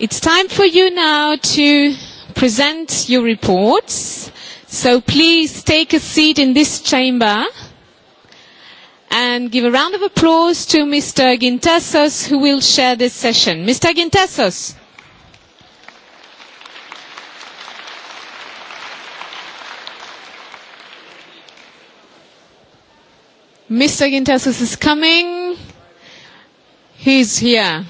It's time for you now to present your reports. So please take a seat in this chamber and give a round of applause to Mr. Gintasos who will share this session. Mr. Gintasos. Mr. Gintasos is coming. He's here.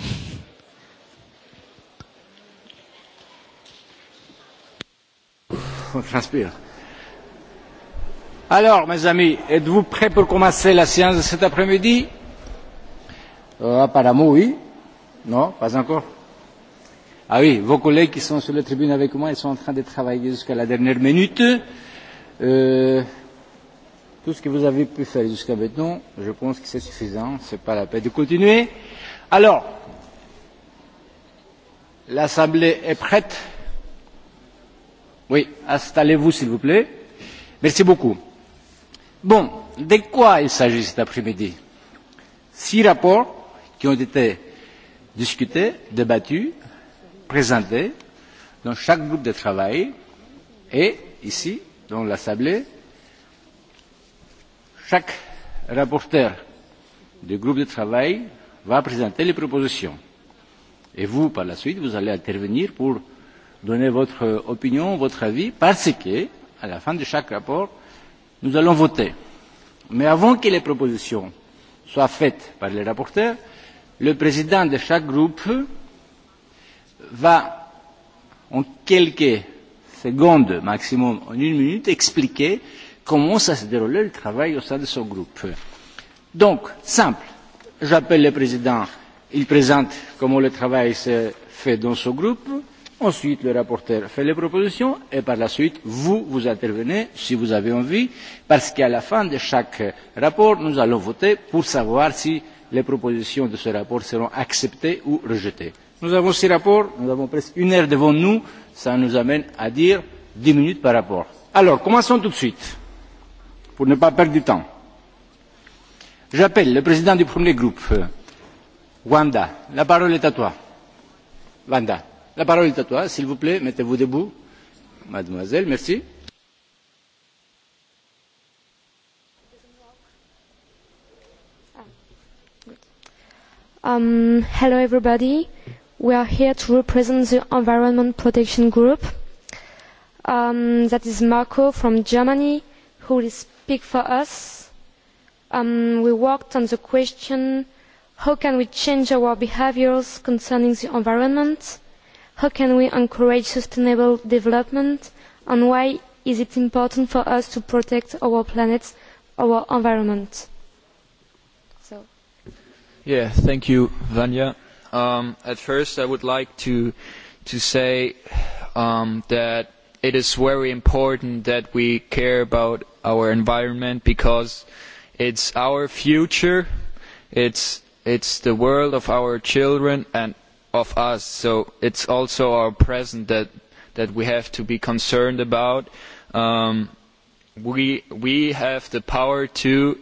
on transpire. Alors, mes amis, êtes-vous prêts pour commencer la séance de cet après-midi euh, Apparemment, oui. Non, pas encore. Ah oui, vos collègues qui sont sur la tribune avec moi, ils sont en train de travailler jusqu'à la dernière minute. Euh, tout ce que vous avez pu faire jusqu'à maintenant, je pense que c'est suffisant. Ce n'est pas la peine de continuer. Alors, l'Assemblée est prête Oui, installez-vous s'il vous plaît. Merci beaucoup. Bon, de quoi il s'agit cet après-midi Six rapports qui ont été discutés, débattus, présentés dans chaque groupe de travail et ici, dans l'Assemblée, chaque rapporteur du groupe de travail va présenter les propositions. Et vous, par la suite, vous allez intervenir pour donner votre opinion, votre avis, parce que, à la fin de chaque rapport, nous allons voter. Mais avant que les propositions soient faites par les rapporteurs, le président de chaque groupe va, en quelques secondes maximum, en une minute, expliquer comment ça se déroulait le travail au sein de son groupe. Donc, simple, j'appelle le président, il présente comment le travail s'est fait dans son groupe, Ensuite, le rapporteur fait les propositions et par la suite, vous, vous intervenez si vous avez envie, parce qu'à la fin de chaque rapport, nous allons voter pour savoir si les propositions de ce rapport seront acceptées ou rejetées. Nous avons six rapports, nous avons presque une heure devant nous, ça nous amène à dire dix minutes par rapport. Alors, commençons tout de suite, pour ne pas perdre du temps. J'appelle le président du premier groupe, Wanda. La parole est à toi. Wanda La parole est à toi, s'il vous plaît, mettez-vous debout. Mademoiselle, merci. Um, hello everybody. We are here to represent the Environment Protection Group. Um, that is Marco from Germany who will speak for us. Um, we worked on the question how can we change our behaviours concerning the environment? how can we encourage sustainable development and why is it important for us to protect our planet, our environment? So. Yeah, thank you, Vanya. Um, at first, I would like to to say um, that it is very important that we care about our environment because it's our future, it's it's the world of our children, and of us so it is also our present that, that we have to be concerned about. Um, we, we have the power to,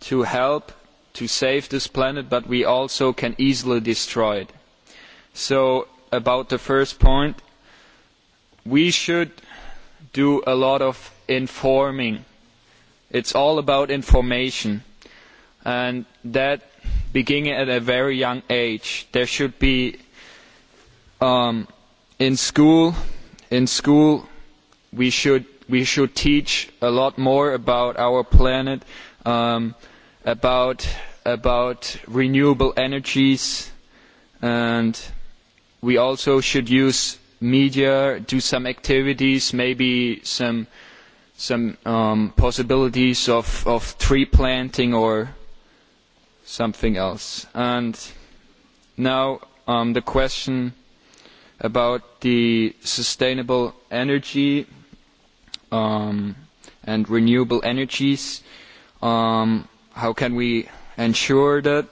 to help to save this planet but we also can easily destroy it. so about the first point we should do a lot of informing. it is all about information and that beginning at a very young age. There should be um, in school. In school, we should we should teach a lot more about our planet, um, about about renewable energies, and we also should use media, do some activities, maybe some some um, possibilities of, of tree planting or something else. And now on um, the question about the sustainable energy um, and renewable energies. Um, how can we ensure that?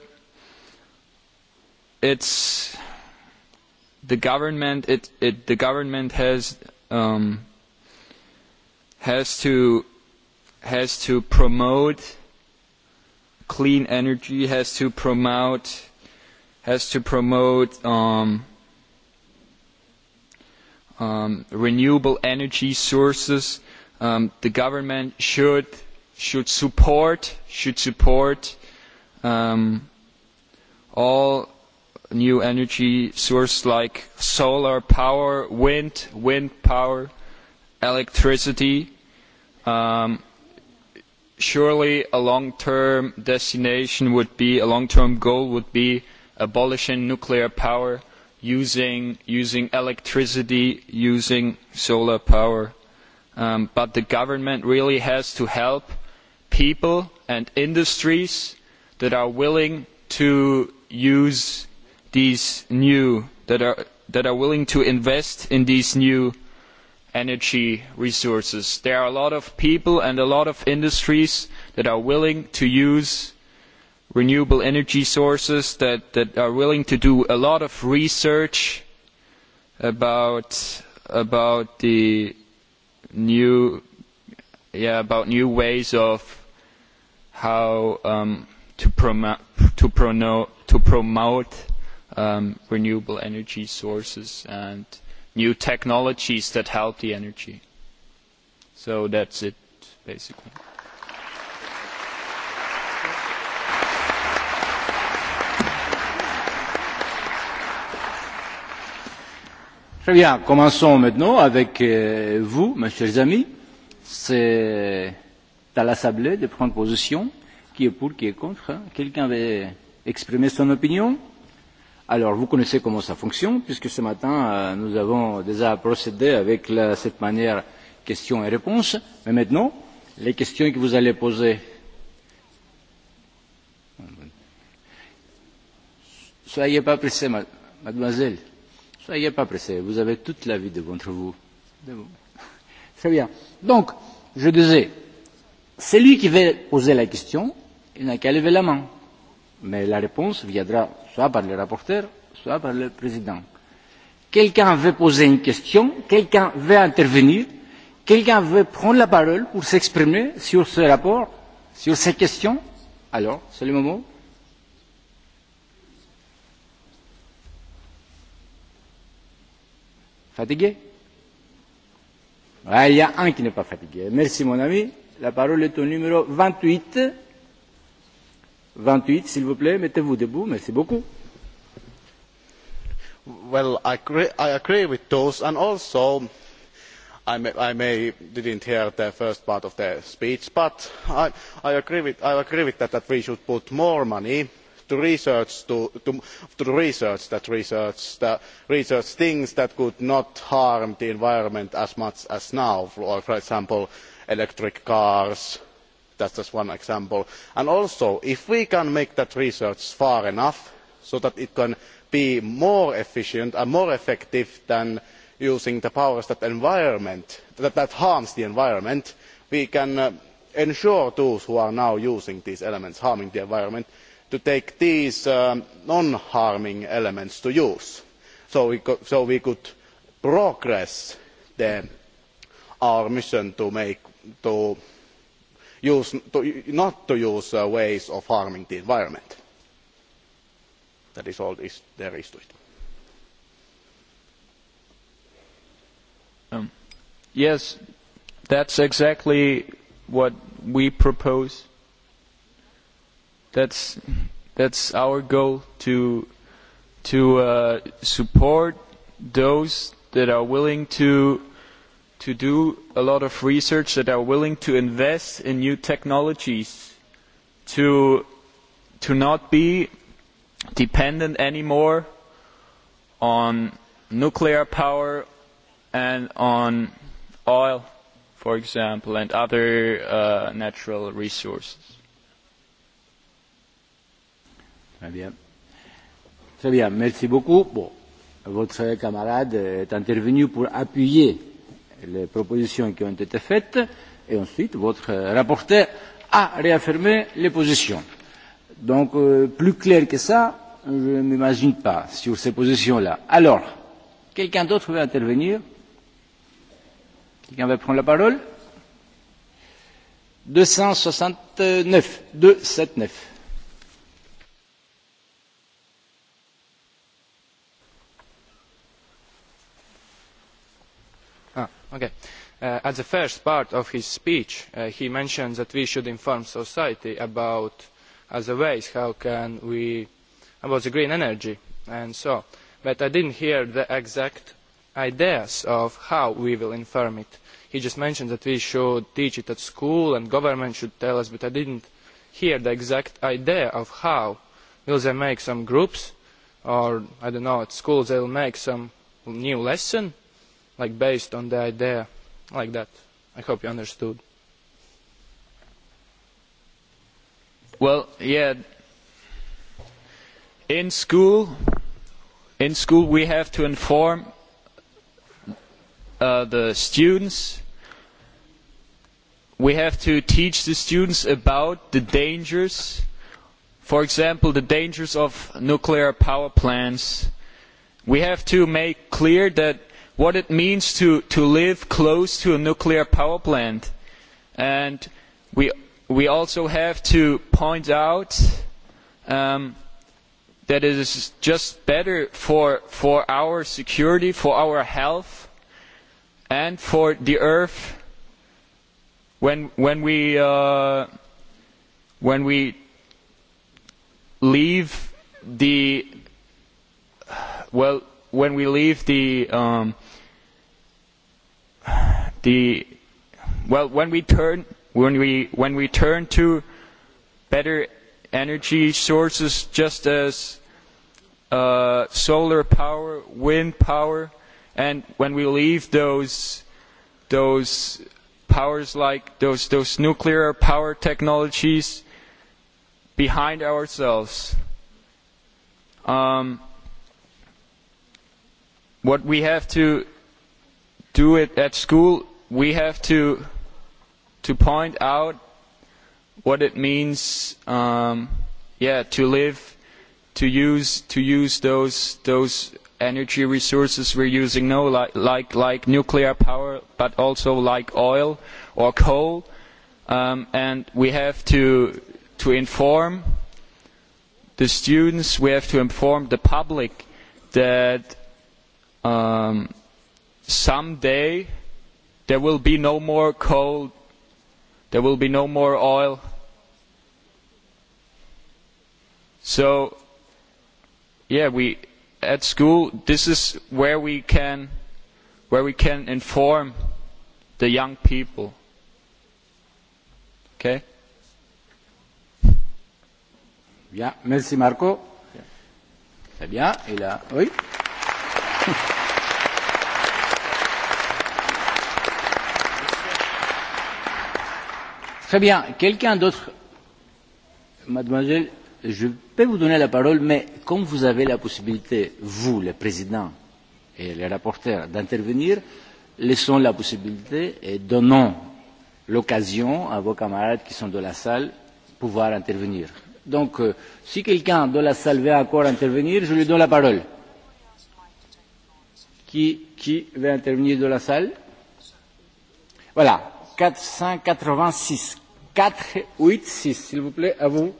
It's the government. It, it the government has um, has to has to promote clean energy has to promote has to promote um, um, renewable energy sources. Um, the government should should support should support um, all new energy sources like solar power, wind, wind power, electricity. Um, surely a long term destination would be a long term goal would be abolishing nuclear power using using electricity using solar power um, but the government really has to help people and industries that are willing to use these new that are that are willing to invest in these new energy resources. There are a lot of people and a lot of industries that are willing to use renewable energy sources, that, that are willing to do a lot of research about, about the new, yeah, about new ways of how um, to, promo to, prono to promote um, renewable energy sources and new technologies that help the energy. So that is it, basically. Très bien, commençons maintenant avec euh, vous, mes chers amis. C'est à l'Assemblée de prendre position qui est pour, qui est contre. Quelqu'un veut exprimer son opinion Alors, vous connaissez comment ça fonctionne, puisque ce matin, euh, nous avons déjà procédé avec la, cette manière questions et réponses. Mais maintenant, les questions que vous allez poser Soyez pas pressés, mademoiselle. Soyez pas pressés. Vous avez toute la vie devant vous. Très bien. Donc, je disais, celui qui veut poser la question, il n'a qu'à lever la main mais la réponse viendra soit par le rapporteur, soit par le président. Quelqu'un veut poser une question, quelqu'un veut intervenir, quelqu'un veut prendre la parole pour s'exprimer sur ce rapport, sur ces questions. Alors, c'est le moment. Fatigué ouais, Il y a un qui n'est pas fatigué. Merci mon ami. La parole est au numéro 28. 28, s'il vous plaît, mettez-vous debout. Merci beaucoup. Well, I agree, I agree with those, and also I may, I may didn't hear the first part of the speech, but I, I agree with I agree with that that we should put more money to research to, to, to research that research that research things that could not harm the environment as much as now, for example, electric cars, that is just one example. and also if we can make that research far enough so that it can be more efficient and more effective than using the powers that harm the environment we can uh, ensure those who are now using these elements harming the environment to take these um, non harming elements to use so we could progress our mission to not to use uh, ways of harming the environment. that is all there is to it. Um, yes that is exactly what we propose. that is our goal to to uh, support those that are willing to to do a lot of research that are willing to invest in new technologies to to not be dependent anymore on nuclear power and on oil for example and other uh, natural resources Très bien. Très bien, merci beaucoup. Bon, votre camarade est intervenu pour appuyer les propositions qui ont été faites et ensuite votre euh, rapporteur a réaffirmé les positions. Donc euh, plus clair que ça, je ne m'imagine pas sur ces positions-là. Alors, quelqu'un d'autre veut intervenir Quelqu'un veut prendre la parole 269, 279. Uh, at the first part of his speech, uh, he mentioned that we should inform society about other ways how can we about the green energy and so. But I didn't hear the exact ideas of how we will inform it. He just mentioned that we should teach it at school and government should tell us, but I didn't hear the exact idea of how. Will they make some groups, or I don't know, at school they'll make some new lesson? like based on the idea like that. I hope you understood. Well, yeah. In school, in school we have to inform uh, the students. We have to teach the students about the dangers. For example, the dangers of nuclear power plants. We have to make clear that what it means to, to live close to a nuclear power plant. And we, we also have to point out um, that it is just better for, for our security, for our health, and for the earth when, when, we, uh, when we leave the well when we leave the um, the well when we turn when we when we turn to better energy sources just as uh, solar power, wind power, and when we leave those those powers like those those nuclear power technologies behind ourselves. Um, what we have to do it at school, we have to to point out what it means. Um, yeah, to live, to use to use those those energy resources we're using now, like like, like nuclear power, but also like oil or coal, um, and we have to to inform the students. We have to inform the public that. Um, Some day, there will be no more coal, there will be no more oil. So, yeah, we at school this is where we can where we can inform the young people. Okay? Yeah, merci Marco. Très bien, et là, oui. Très bien. Quelqu'un d'autre Mademoiselle, je peux vous donner la parole, mais comme vous avez la possibilité, vous, le président et les rapporteurs, d'intervenir, laissons la possibilité et donnons l'occasion à vos camarades qui sont dans la salle de pouvoir intervenir. Donc, euh, si quelqu'un dans la salle veut encore intervenir, je lui donne la parole. Qui, qui veut intervenir dans la salle Voilà, 486. 486, vous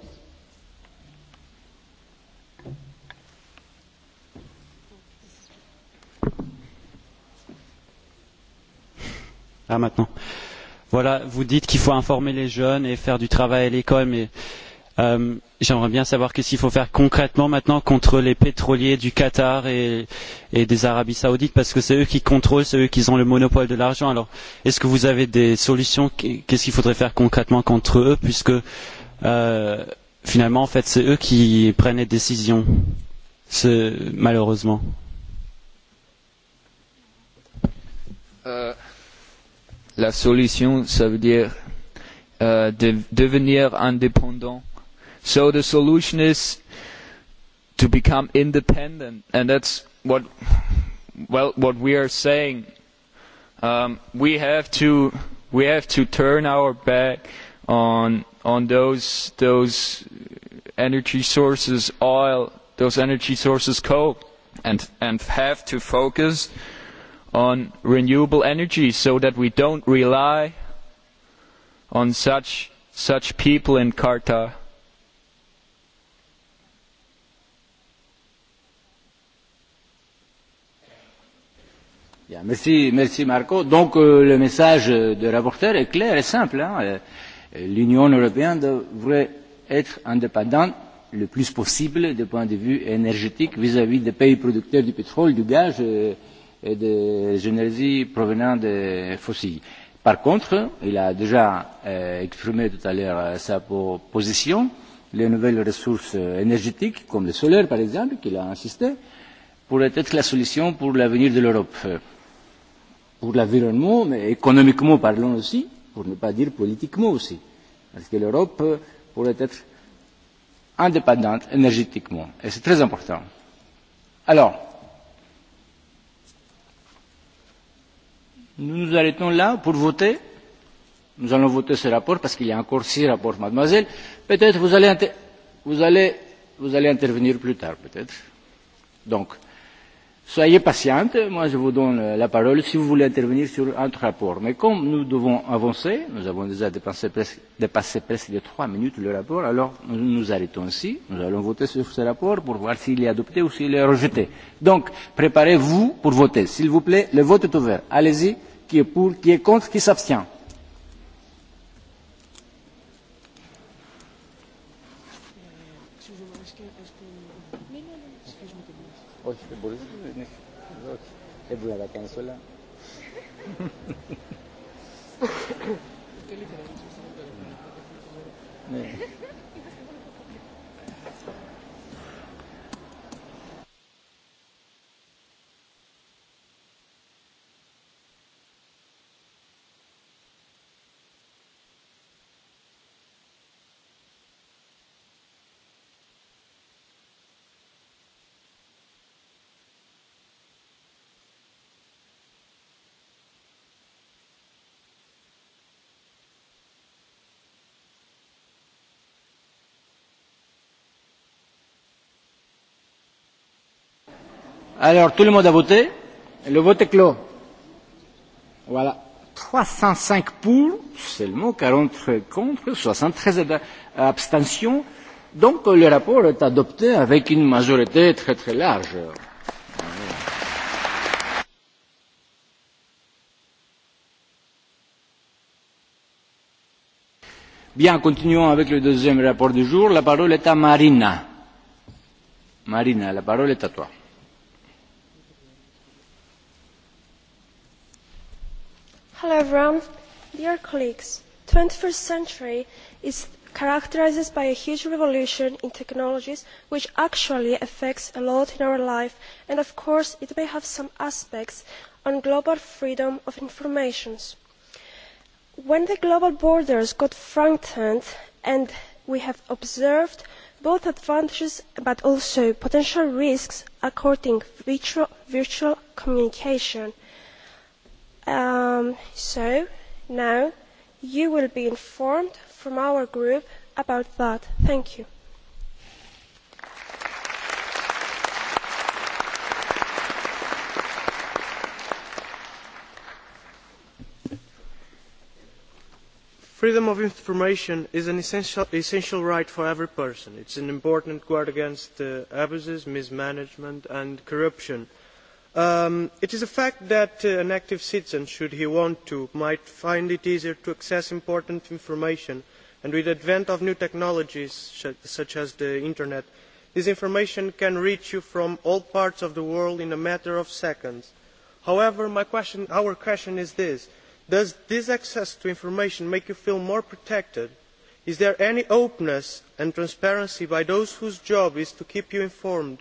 Ah, maintenant. Voilà, vous dites qu'il faut informer les jeunes et faire du travail à l'école, mais euh, j'aimerais bien savoir qu'est-ce qu'il faut faire concrètement maintenant contre les pétroliers du Qatar et, et des Arabies Saoudites parce que c'est eux qui contrôlent, c'est eux qui ont le monopole de l'argent. Alors, est-ce que vous avez des solutions Qu'est-ce qu'il faudrait faire concrètement contre eux puisque euh, finalement, en fait, c'est eux qui prennent les décisions, malheureusement. Euh, la solution, ça veut dire euh, de, devenir indépendant So the solution is to become independent, and that's what well what we are saying. Um, we have to we have to turn our back on on those those energy sources, oil, those energy sources, coal, and and have to focus on renewable energy so that we don't rely on such such people in Qatar Bien, merci, merci Marco. Donc euh, le message du rapporteur est clair et simple. Hein. Euh, L'Union européenne devrait être indépendante le plus possible du point de vue énergétique vis-à-vis -vis des pays producteurs du pétrole, du gaz euh, et des énergies provenant des fossiles. Par contre, il a déjà euh, exprimé tout à l'heure euh, sa position, les nouvelles ressources euh, énergétiques, comme le solaire par exemple, qu'il a insisté, pourraient être la solution pour l'avenir de l'Europe. Euh, pour l'environnement, mais économiquement parlant aussi, pour ne pas dire politiquement aussi. Parce que l'Europe pourrait être indépendante énergétiquement. Et c'est très important. Alors, nous nous arrêtons là pour voter. Nous allons voter ce rapport parce qu'il y a encore six rapports, mademoiselle. Peut-être vous allez, vous allez, vous allez intervenir plus tard, peut-être. Donc, Soyez patiente, moi je vous donne la parole si vous voulez intervenir sur un autre rapport. Mais comme nous devons avancer, nous avons déjà dépassé presque, dépassé presque de trois minutes le rapport, alors nous nous arrêtons ici, nous allons voter sur ce rapport pour voir s'il est adopté ou s'il est rejeté. Donc, préparez-vous pour voter. S'il vous plaît, le vote est ouvert. Allez-y, qui est pour, qui est contre, qui s'abstient es voi alla canzola ne. Alors, tout le monde a voté. Le vote est clos. Voilà. 305 pour, seulement 40 contre, 73 abstentions. Donc, le rapport est adopté avec une majorité très très large. Bien, continuons avec le deuxième rapport du jour. La parole est à Marina. Marina, la parole est à toi. Hello everyone. Um, dear colleagues, 21st century is characterized by a huge revolution in technologies which actually affects a lot in our life and of course it may have some aspects on global freedom of information. When the global borders got strengthened and we have observed both advantages but also potential risks according to virtual communication. Um, so, now you will be informed from our group about that. Thank you. Freedom of information is an essential, essential right for every person. It's an important guard against uh, abuses, mismanagement and corruption. Um, it is a fact that uh, an active citizen, should he want to, might find it easier to access important information, and with the advent of new technologies such as the internet, this information can reach you from all parts of the world in a matter of seconds. However, question, our question is this. Does this access to information make you feel more protected? Is there any openness and transparency by those whose job is to keep you informed?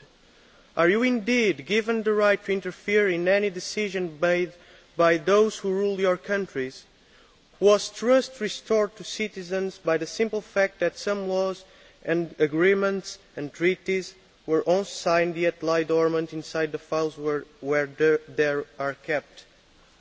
are you indeed given the right to interfere in any decision made by those who rule your countries? was trust restored to citizens by the simple fact that some laws and agreements and treaties were once signed yet lie dormant inside the files where, where they are kept?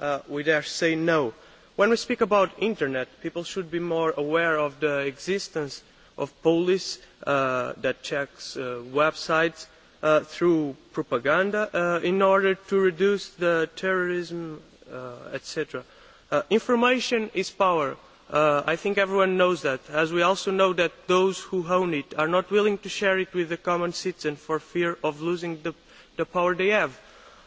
Uh, we dare say no. When we speak about internet, people should be more aware of the existence of police uh, that checks uh, websites Uh, through propaganda uh, in order to reduce the terrorism, uh, etc. Uh, information is power. Uh, I think everyone knows that, as we also know that those who own it are not willing to share it with the common citizen for fear of losing the, the power they have.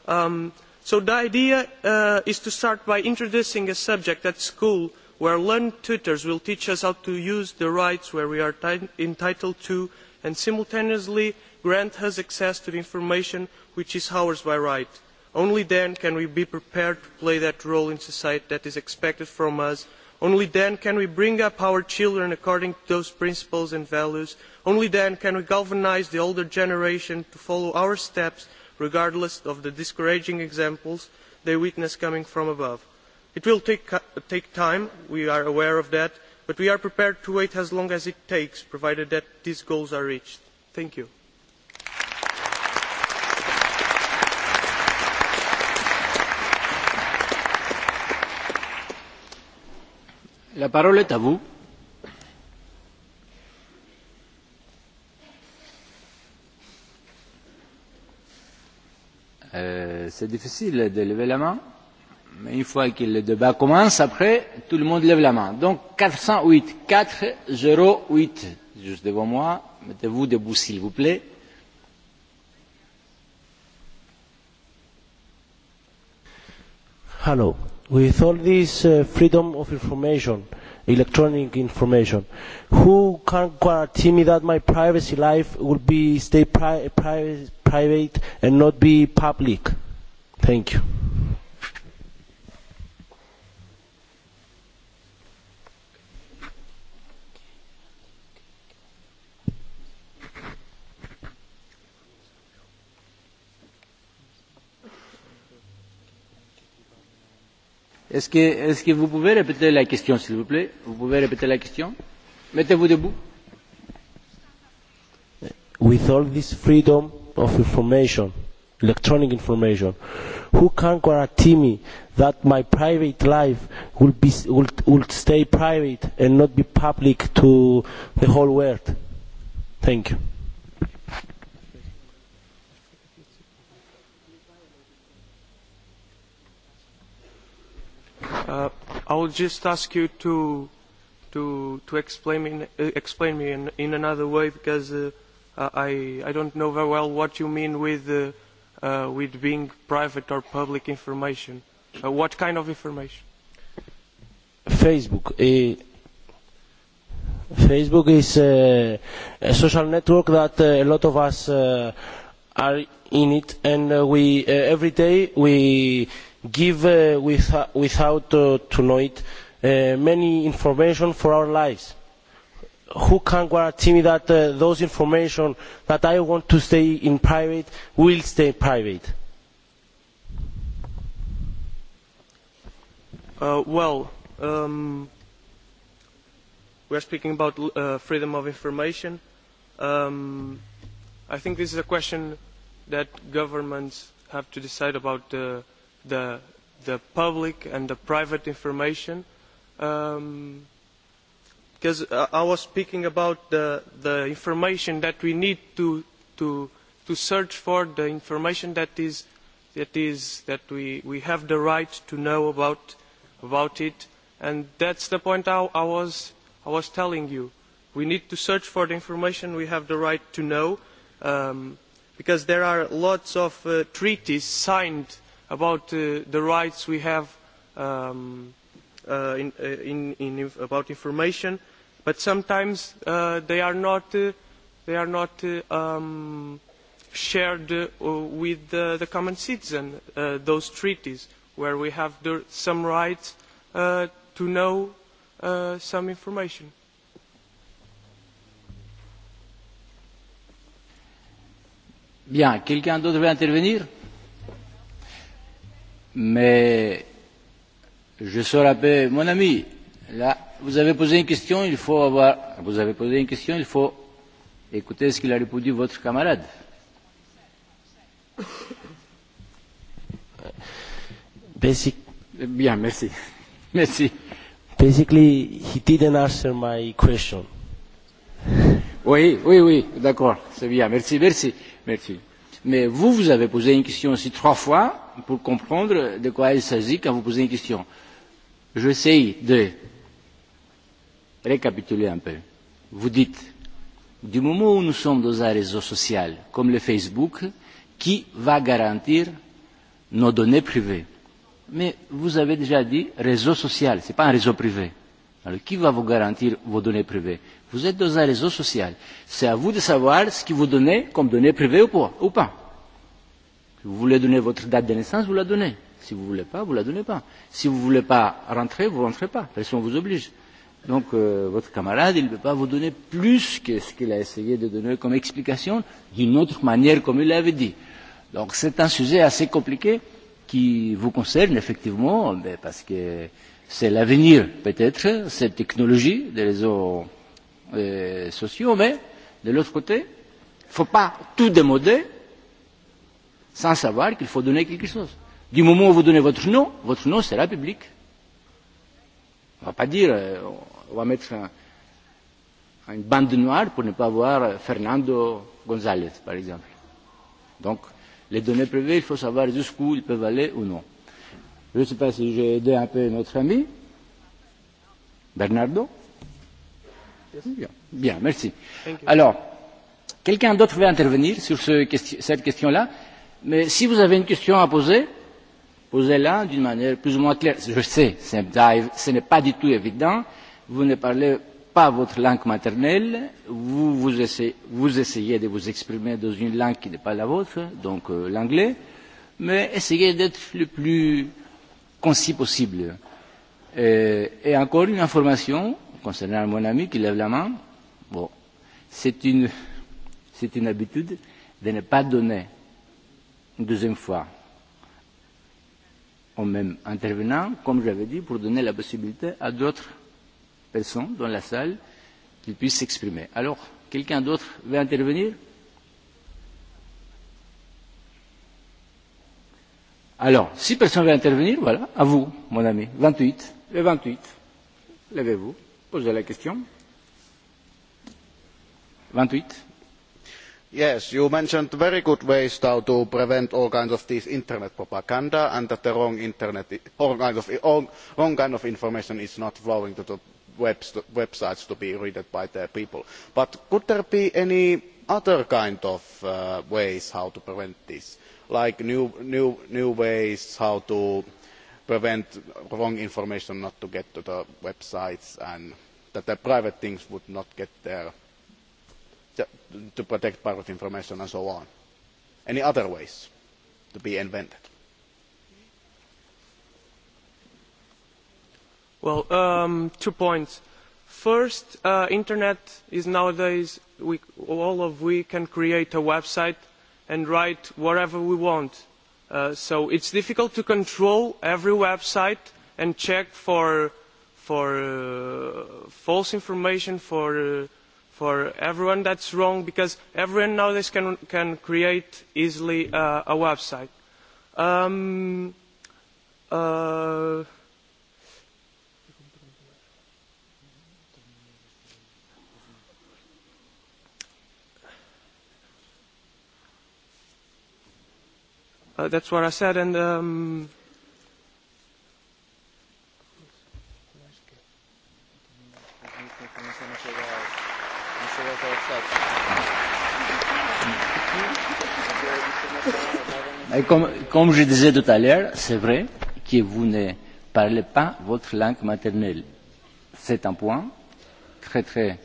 Um, so the idea uh, is to start by introducing a subject at school where learned tutors will teach us how to use the rights where we are entitled to and simultaneously grant us access to the information which is ours by right. only then can we be prepared to play that role in society that is expected from us only then can we bring up our children according to those principles and values only then can we galvanise the older generation to follow our steps regardless of the discouraging examples they witness coming from above. it will take, uh, take time we are aware of that but we are prepared to wait as long as it takes provided that these goals are reached. thank you. La parole est à vous. Euh, c'est difficile de lever la main, mais une fois que le débat commence, après, tout le monde lève la main. Donc 408, 408, juste devant moi, mettez-vous debout s'il vous plaît. Hello with all this uh, freedom of information, electronic information, who can guarantee me that my privacy life will be stay pri- private, private and not be public? Thank you. With all this freedom of information, electronic information, who can guarantee me that my private life will, be, will, will stay private and not be public to the whole world? Thank you. I'll uh, I just ask you to to to explain me uh, explain me in, in another way because uh, uh, I I don't know very well what you mean with uh, uh, with being private or public information. Uh, what kind of information? Facebook. Uh, Facebook is uh, a social network that uh, a lot of us uh, are in it, and uh, we uh, every day we give uh, uh, without uh, knowing it many information for our lives. who can guarantee me that those information that i want to stay in private will stay private? well, um, we are speaking about uh, freedom of information. Um, I think this is a question that governments have to decide about uh, the, public and the private information. Um, because I was speaking about the, the information that we need to, to, to search for, the information that is that is that we, we have the right to know about, about it. And that's the point I, I, was, I was telling you. We need to search for the information we have the right to know um, because there are lots of uh, treaties signed about uh, the rights we have um, uh, in, uh, in, in, inf about information, but sometimes uh, they are not, uh, they are not uh, um, shared uh, with the common citizen, uh, those treaties where we have the, some rights uh, to know uh, some information. Bien, quelqu'un d'autre veut intervenir Mais je serai un peu mon ami. Là, vous avez posé une question, il faut avoir. Vous avez posé une question, il faut écouter ce qu'il a répondu votre camarade. Basic. Bien, merci. Merci. Basically, he didn't answer my question. Oui, oui, oui, d'accord, c'est bien, merci, merci, merci. Mais vous, vous avez posé une question aussi trois fois pour comprendre de quoi il s'agit quand vous posez une question. J'essaye de récapituler un peu. Vous dites, du moment où nous sommes dans un réseau social comme le Facebook, qui va garantir nos données privées Mais vous avez déjà dit réseau social, ce n'est pas un réseau privé. Alors qui va vous garantir vos données privées Vous êtes dans un réseau social. C'est à vous de savoir ce que vous donnez comme données privées ou pas. Ou pas. Si vous voulez donner votre date de naissance, vous la donnez. Si vous ne voulez pas, vous ne la donnez pas. Si vous ne voulez pas rentrer, vous ne rentrez pas. Personne ne vous oblige. Donc euh, votre camarade, il ne peut pas vous donner plus que ce qu'il a essayé de donner comme explication d'une autre manière comme il l'avait dit. Donc c'est un sujet assez compliqué qui vous concerne effectivement, mais parce que c'est l'avenir peut-être, cette technologie des réseaux Euh, sociaux, mais de l'autre côté, il ne faut pas tout démoder sans savoir qu'il faut donner quelque chose. Du moment où vous donnez votre nom, votre nom sera public. On ne va pas dire, euh, on va mettre un, une bande noire pour ne pas voir Fernando González, par exemple. Donc, les données privées, il faut savoir jusqu'où ils peuvent aller ou non. Je ne sais pas si j'ai aidé un peu notre ami, Bernardo. Bien, merci. Alors, quelqu'un d'autre veut intervenir sur ce, cette question-là Mais si vous avez une question à poser, posez-la d'une manière plus ou moins claire. Je sais, ce n'est pas du tout évident. Vous ne parlez pas votre langue maternelle. Vous, vous, essayez, vous essayez de vous exprimer dans une langue qui n'est pas la vôtre, donc euh, l'anglais. Mais essayez d'être le plus concis possible. Et, euh, et encore une information, concernant mon ami qui lève la main, bon, c'est une, c'est une habitude de ne pas donner une deuxième fois au même intervenant, comme j'avais dit, pour donner la possibilité à d'autres personnes dans la salle qu'ils puissent s'exprimer. Alors, quelqu'un d'autre veut intervenir Alors, si personne veut intervenir, voilà, à vous, mon ami. 28, le 28, levez-vous la question. Yes, you mentioned very good ways how to prevent all kinds of this internet propaganda and that the wrong internet, all kinds of, wrong kind of information is not flowing to the websites to be read by the people. But could there be any other kind of uh, ways how to prevent this? Like new, new, new ways how to prevent wrong information not to get to the websites and that private things would not get there to protect private information and so on. Any other ways to be invented? Well, um, two points. First, uh, internet is nowadays we, all of we can create a website and write whatever we want. Uh, so it's difficult to control every website and check for for uh, false information for uh, for everyone that's wrong because everyone nowadays can can create easily uh, a website um, uh, uh, that's what I said, and um, se Comme, comme je disais tout à l'heure, c'est vrai que vous ne parlez pas votre langue maternelle. C'est un point très très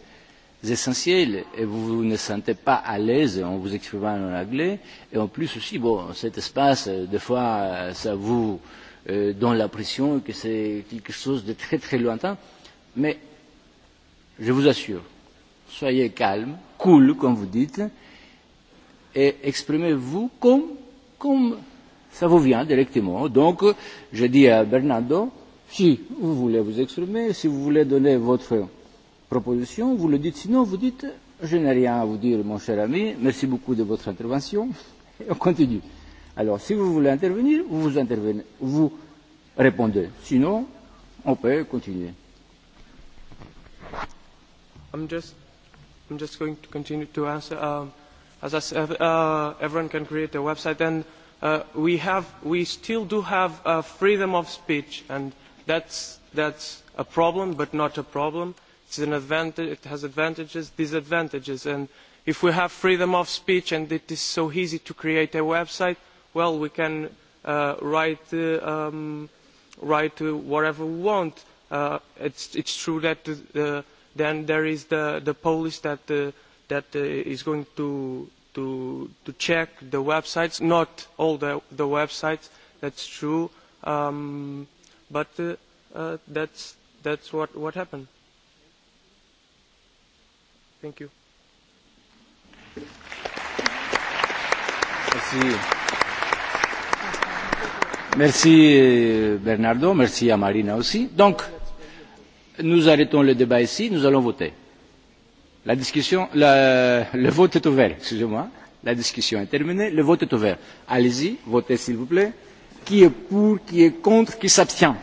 essentiel et vous, vous ne sentez pas à l'aise en vous exprimant en anglais et en plus aussi bon cet espace euh, des fois euh, ça vous euh, donne l'impression que c'est quelque chose de très très lointain mais je vous assure. Soyez calme, cool, comme vous dites, et exprimez-vous comme, comme ça vous vient directement. Donc, je dis à Bernardo, si vous voulez vous exprimer, si vous voulez donner votre proposition, vous le dites. Sinon, vous dites, je n'ai rien à vous dire, mon cher ami, merci beaucoup de votre intervention, et on continue. Alors, si vous voulez intervenir, vous intervenez, vous répondez. Sinon, on peut continuer. I'm just, I'm just going to continue to answer. Um, as I said, uh, everyone can create a website, and uh, we have, we still do have uh, freedom of speech, and that's that's a problem, but not a problem. It's an advantage. It has advantages, disadvantages, and if we have freedom of speech and it is so easy to create a website, well, we can uh, write uh, um, write uh, whatever we want. Uh, it's it's true that. Uh, Then there is the, the police that, uh, that uh, is going to, to, to check the websites, not all the, the websites, that's true, um, but uh, uh, that's, that's what, what happened. Thank you. Merci. Merci Bernardo, merci à Marina aussi. Donc, nous arrêtons le débat ici, nous allons voter. La discussion, la, le vote est ouvert, excusez-moi. La discussion est terminée, le vote est ouvert. Allez-y, votez s'il vous plaît. Qui est pour, qui est contre, qui s'abstient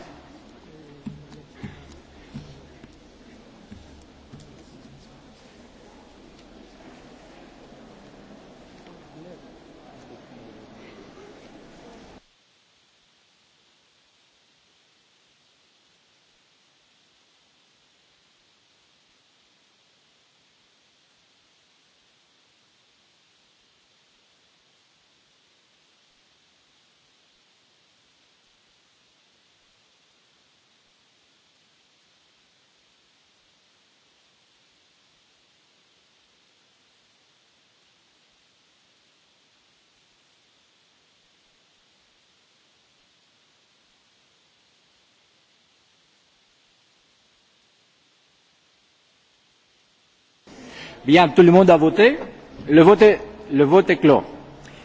Bien, tout le monde a voté. Le vote est, le vote est clos.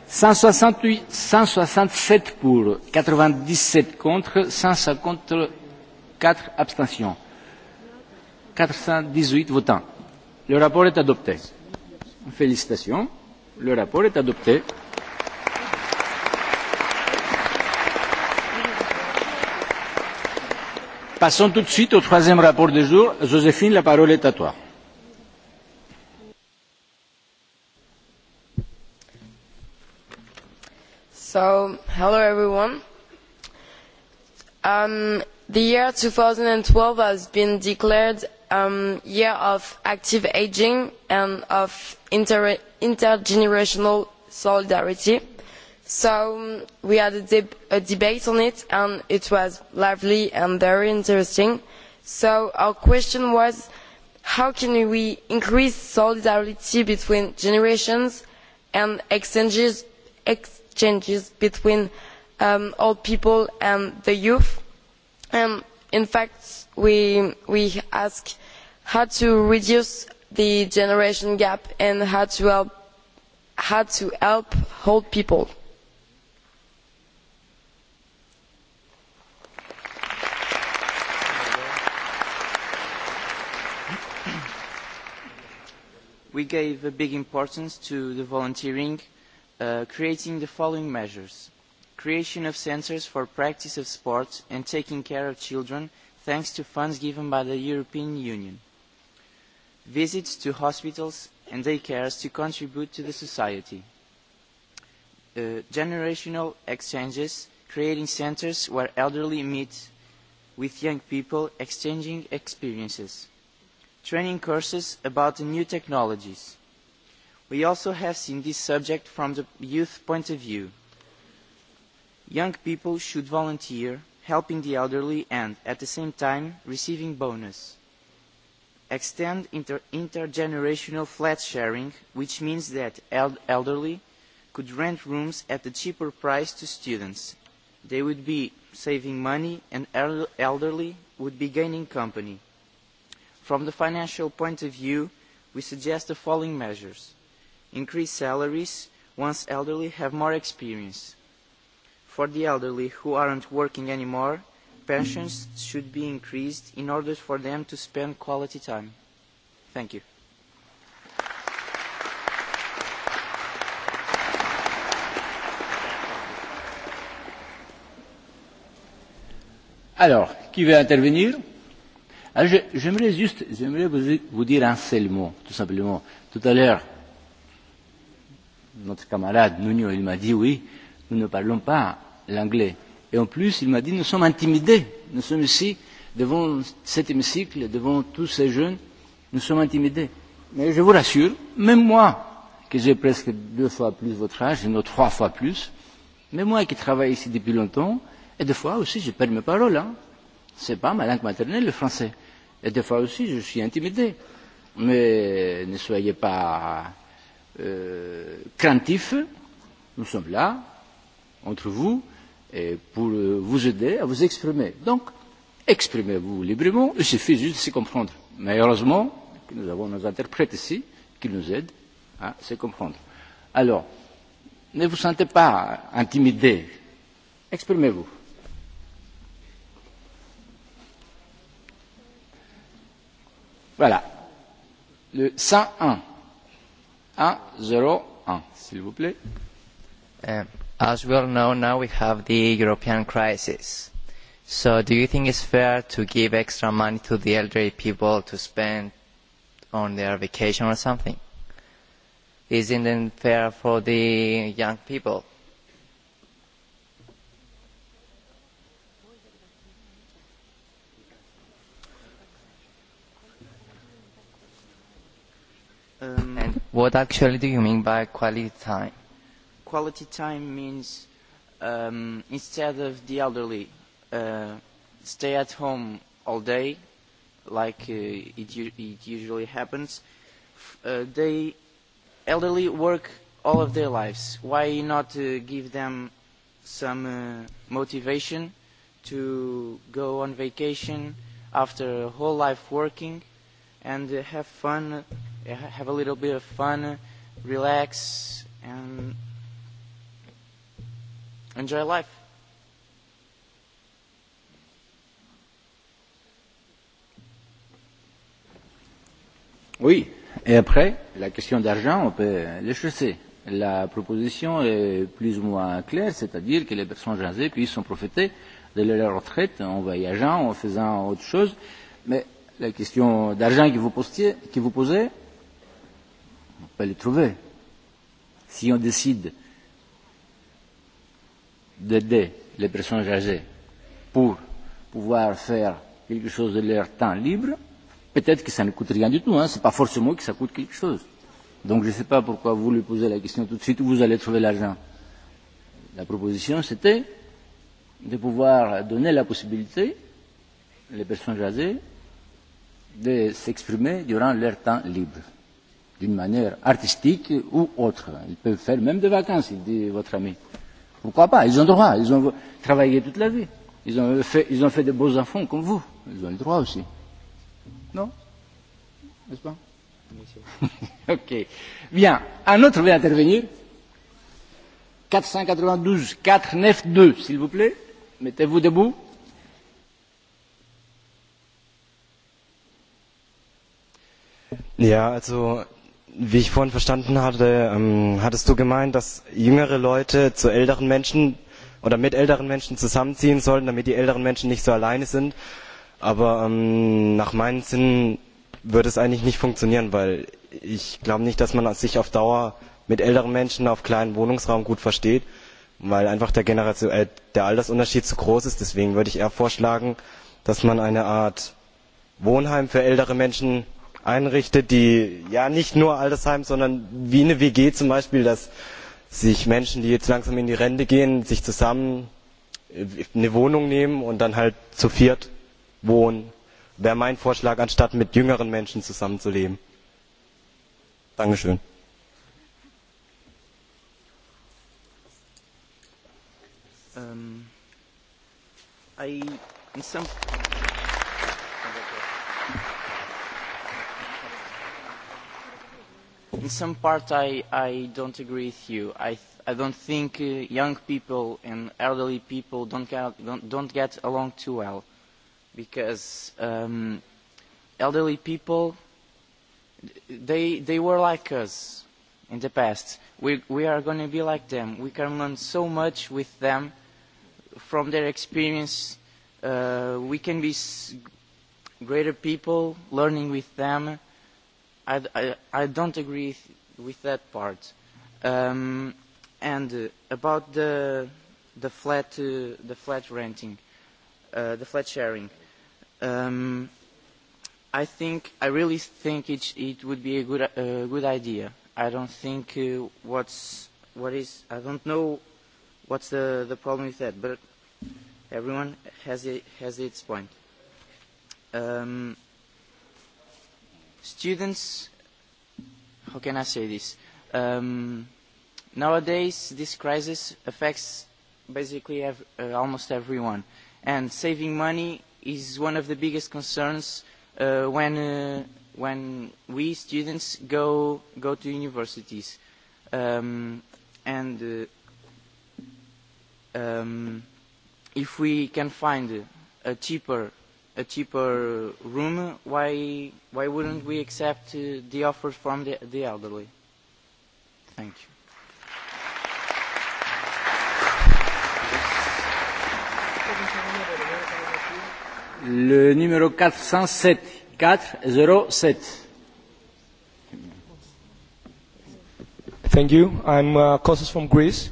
168, 167 pour, 97 contre, 154 abstentions. 418 votants. Le rapport est adopté. Félicitations. Le rapport est adopté. Passons tout de suite au troisième rapport du jour. Joséphine, la parole est à toi. So, hello everyone. Um, the year 2012 has been declared um, year of active aging and of inter intergenerational solidarity. So um, we had a, deb a debate on it and it was lively and very interesting. So our question was how can we increase solidarity between generations and exchanges ex changes between um, old people and the youth. Um, in fact we, ask how to reduce the generation gap and how to help, old people. We gave a big importance to the volunteering Uh, creating the following measures. Creation of centres for practice of sport and taking care of children thanks to funds given by the European Union. Visits to hospitals and daycares to contribute to the society. Uh, generational exchanges, creating centres where elderly meet with young people exchanging experiences. Training courses about the new technologies we also have seen this subject from the youth point of view. Young people should volunteer, helping the elderly and, at the same time, receiving bonus. Extend inter intergenerational flat sharing, which means that el elderly could rent rooms at a cheaper price to students. They would be saving money and el elderly would be gaining company. From the financial point of view, we suggest the following measures increase salaries once elderly have more experience. For the elderly who aren't working anymore, pensions should be increased in order for them to spend quality time. Thank you. Alors, qui veut intervenir ah, J'aimerais juste, j'aimerais vous, vous dire un seul mot, tout simplement. Tout à l'heure, notre camarade Nuno, il m'a dit oui, nous ne parlons pas l'anglais. Et en plus, il m'a dit nous sommes intimidés. Nous sommes ici, devant cet hémicycle, devant tous ces jeunes, nous sommes intimidés. Mais je vous rassure, même moi, que j'ai presque deux fois plus votre âge, et non trois fois plus, même moi qui travaille ici depuis longtemps, et des fois aussi, je perds mes paroles. Hein. C'est pas ma langue maternelle, le français. Et des fois aussi, je suis intimidé. Mais ne soyez pas euh, craintifs, nous sommes là, entre vous, et pour euh, vous aider à vous exprimer. Donc, exprimez-vous librement, il suffit juste de se comprendre. Mais heureusement que nous avons nos interprètes ici qui nous aident à se comprendre. Alors, ne vous sentez pas intimidé, exprimez-vous. Voilà. Le 101. Eh, as we all know, now we have the European crisis. So do you think it's fair to give extra money to the elderly people to spend on their vacation or something? Isn't it fair for the young people? What actually do you mean by quality time? Quality time means um, instead of the elderly uh, stay at home all day, like uh, it, it usually happens, uh, they elderly work all of their lives. Why not uh, give them some uh, motivation to go on vacation after a whole life working and uh, have fun have a little bit of fun, relax, and enjoy life. Oui, et après, la question d'argent, on peut l'échasser. La proposition est plus ou moins claire, c'est-à-dire que les personnes âgées puissent en profiter de leur retraite en voyageant, en faisant autre chose. Mais la question d'argent que vous posiez, que vous posez on peut les trouver. Si on décide d'aider les personnes âgées pour pouvoir faire quelque chose de leur temps libre, peut-être que ça ne coûte rien du tout, hein, n'est pas forcément que ça coûte quelque chose. Donc je ne sais pas pourquoi vous lui posez la question tout de suite où vous allez trouver l'argent. La proposition c'était de pouvoir donner la possibilité les personnes âgées de s'exprimer durant leur temps libre d'une manière artistique ou autre. Ils peuvent faire même des vacances, il dit votre ami. Pourquoi pas Ils ont droit, ils ont travaillé toute la vie. Ils ont fait, ils ont fait de beaux enfants comme vous. Ils ont le droit aussi. Non N'est-ce pas Ok. Bien. Un autre veut intervenir 492, 492, s'il vous plaît. Mettez-vous debout. Ja, also wie ich vorhin verstanden hatte, ähm, hattest du gemeint, dass jüngere Leute zu älteren Menschen oder mit älteren Menschen zusammenziehen sollten, damit die älteren Menschen nicht so alleine sind. Aber ähm, nach meinem Sinn würde es eigentlich nicht funktionieren, weil ich glaube nicht, dass man sich auf Dauer mit älteren Menschen auf kleinem Wohnungsraum gut versteht, weil einfach der, Generation, äh, der Altersunterschied zu groß ist. Deswegen würde ich eher vorschlagen, dass man eine Art Wohnheim für ältere Menschen einrichtet die ja nicht nur altersheim sondern wie eine wg zum beispiel dass sich menschen die jetzt langsam in die rente gehen zusammen äh, eine wohnung nehmen und dann halt zu viert wohnen wäre mein vorschlag anstatt mit jüngeren menschen zusammenzuleben. dankeschön. Um, I, in some in some part I, I don't agree with you. I, I don't think uh, young people and elderly people don't get, don't, don't get along too well because um, elderly people, they, they were like us in the past. We, we are going to be like them. We can learn so much with them from their experience. Uh, we can be greater people learning with them i, I, I don't agree with that part. Um, and uh, about the the flat uh, the flat renting, uh, the flat sharing, um, I think I really think it it would be a good uh, good idea. I don't think uh, what's what is I don't know what's the the problem with that, but everyone has it has its point. Um, students, how can I say this? Um, nowadays, this crisis affects basically ev uh, almost everyone. And saving money is one of the biggest concerns uh, when, uh, when we students go, go to universities. Um, and uh, um, if we can find a cheaper a cheaper room, why, why wouldn't we accept uh, the offer from the, the elderly? Thank you. Le numéro 407. 407. Thank you. I'm uh, Kostas from Greece.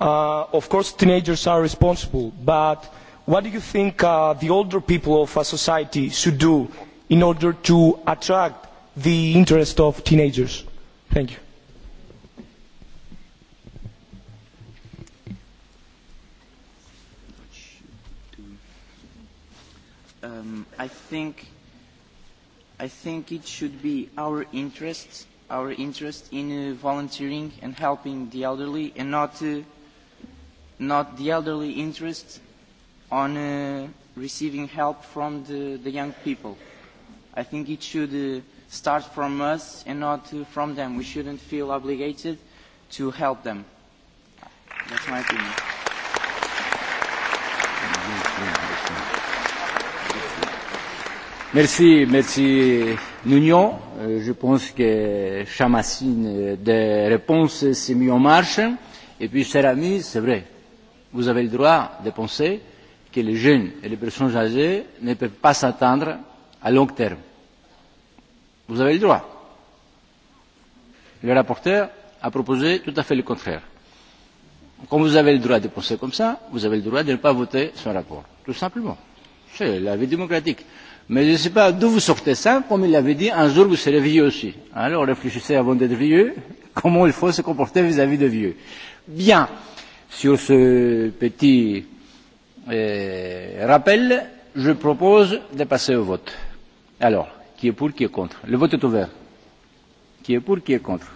Uh, of course, teenagers are responsible, but what do you think uh, the older people of a society should do in order to attract the interest of teenagers? Thank you. Um, I think I think it should be our interest, our interest in uh, volunteering and helping the elderly, and not uh, not the elderly interest on uh, receiving help from the, the young people. I think it should uh, start from us and not uh, from them. We shouldn't feel obligated to help them. That's my opinion. Merci, merci Nuno. Euh, je pense que Chamassine euh, de réponse s'est mis en marche. Et puis, cher ami, c'est vrai, vous avez le droit de penser que les jeunes et les personnes âgées ne peuvent pas s'attendre à long terme. Vous avez le droit. Le rapporteur a proposé tout à fait le contraire. Comme vous avez le droit de penser comme ça, vous avez le droit de ne pas voter son rapport. Tout simplement. C'est la vie démocratique. Mais je ne sais pas d'où vous sortez ça, comme il l'avait dit, un jour vous serez vieux aussi. Alors réfléchissez avant d'être vieux, comment il faut se comporter vis-à-vis -vis de vieux. Bien, sur ce petit euh, rappel, je propose de passer au vote. Alors, qui est pour, qui est contre Le vote est ouvert. Qui est pour, qui est contre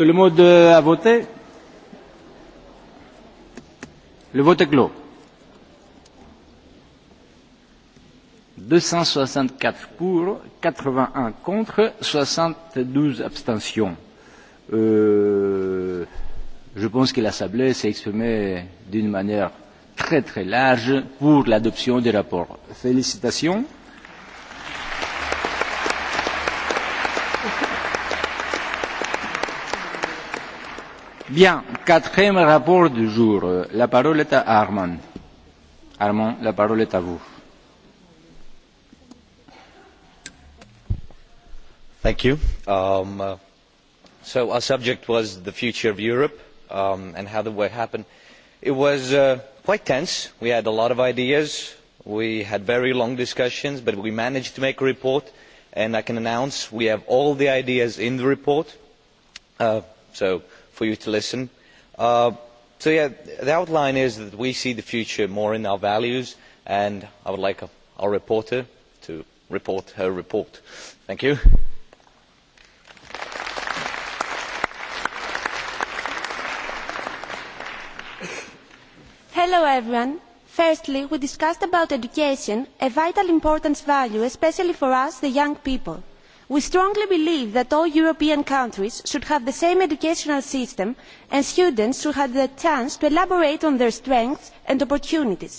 Tout le monde euh, a voté Le vote est clos. 264 pour, 81 contre, 72 abstentions. Euh, je pense que l'Assemblée s'est exprimée d'une manière très très large pour l'adoption du rapport. Félicitations quatrième rapport du jour. La parole est à Armand. Armand, la parole est à vous. Um, uh, so our subject was the future of Europe um, and how the way happened. It was uh, quite tense. We had a lot of ideas. We had very long discussions, but we managed to make a report. And I can announce we have all the ideas in the report. Uh, so for you to listen. Uh, so yeah, the outline is that we see the future more in our values, and I would like our reporter to report her report. Thank you. Hello everyone. Firstly, we discussed about education, a vital importance value, especially for us, the young people we strongly believe that all european countries should have the same educational system and students should have the chance to elaborate on their strengths and opportunities.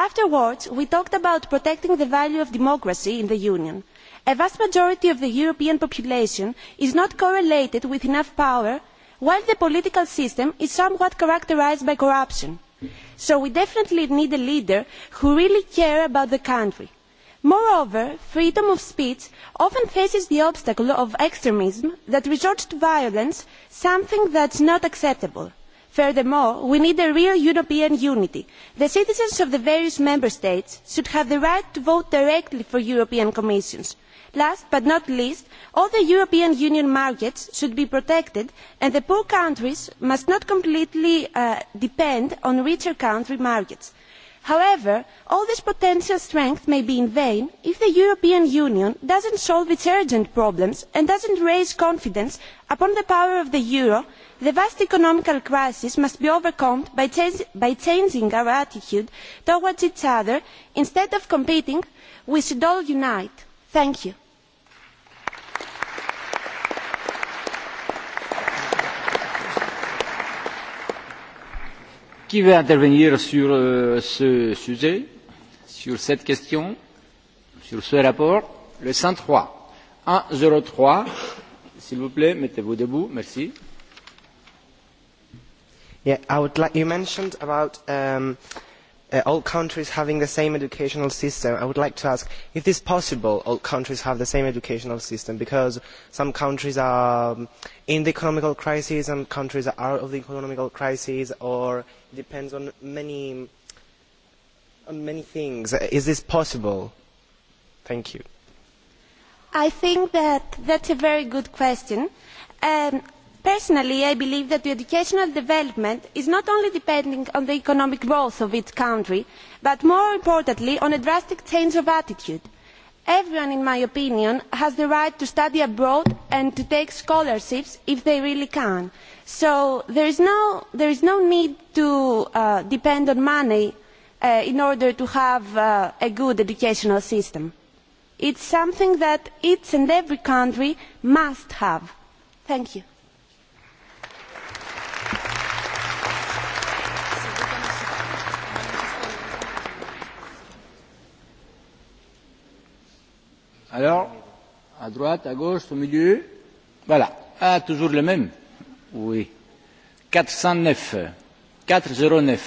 afterwards we talked about protecting the value of democracy in the union. a vast majority of the european population is not correlated with enough power while the political system is somewhat characterised by corruption so we definitely need a leader who really cares about the country moreover freedom of speech often faces the obstacle of extremism that resorts to violence something that is not acceptable. furthermore we need a real european unity. the citizens of the various member states should have the right to vote directly for european commissions. last but not least all the european union markets should be protected and the poor countries must not completely uh, depend on richer country markets however all this potential strength may be in vain if the european union does not solve its urgent problems and does not raise confidence upon the power of the euro. the vast economic crisis must be overcome by changing our attitude towards each other. instead of competing we should all unite. thank you. qui veut intervenir sur euh, ce sujet sur cette question sur ce rapport le 103, trois s'il vous plaît mettez vous debout merci yeah i would like you mentioned about um, uh, all countries having the same educational system i would like to ask if this possible all countries have the same educational system because some countries are um, in the economical crisis and countries are out of the economical crisis or depends on many on many things. Is this possible? Thank you. I think that that's a very good question. Um, personally, I believe that the educational development is not only depending on the economic growth of each country, but more importantly on a drastic change of attitude. Everyone, in my opinion, has the right to study abroad and to take scholarships if they really can so no, there is no, need to uh, depend on money uh, in order to have uh, a good educational system. it is something that each and every country must have. thank you. Alors, à droite, à gauche, au milieu, voilà. Ah, toujours le même. Oui. 409. 409.